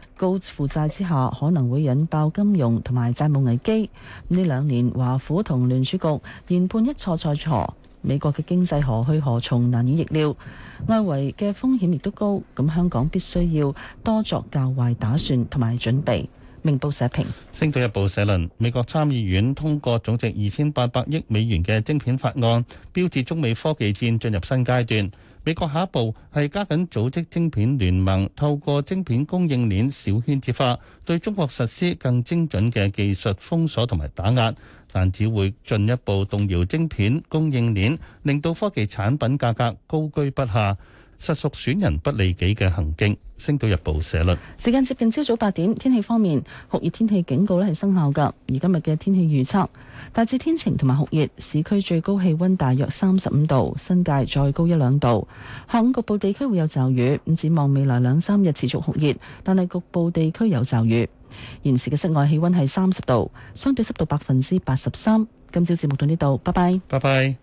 高負債之下可能會引爆金融同埋債務危機。呢兩年華府同聯儲局研判一錯再錯，美國嘅經濟何去何從難以逆料。外圍嘅風險亦都高，咁香港必須要多作較壞打算同埋準備。明報社評，星島日報社論：美國參議院通過總值二千八百億美元嘅晶片法案，標誌中美科技戰進入新階段。美國下一步係加緊組織晶片聯盟，透過晶片供應鏈小圈子化，對中國實施更精準嘅技術封鎖同埋打壓，但只會進一步動搖晶片供應鏈，令到科技產品價格高居不下，實屬損人不利己嘅行徑。星島日報社論。時間接近朝早八點，天氣方面酷熱天氣警告咧係生效噶。而今日嘅天氣預測大致天晴同埋酷熱，市區最高氣溫大約三十五度，新界再高一兩度。下午局部地區會有驟雨，咁展望未來兩三日持續酷熱，但係局部地區有驟雨。現時嘅室外氣溫係三十度，相對濕度百分之八十三。今朝節目到呢度，拜拜。拜拜。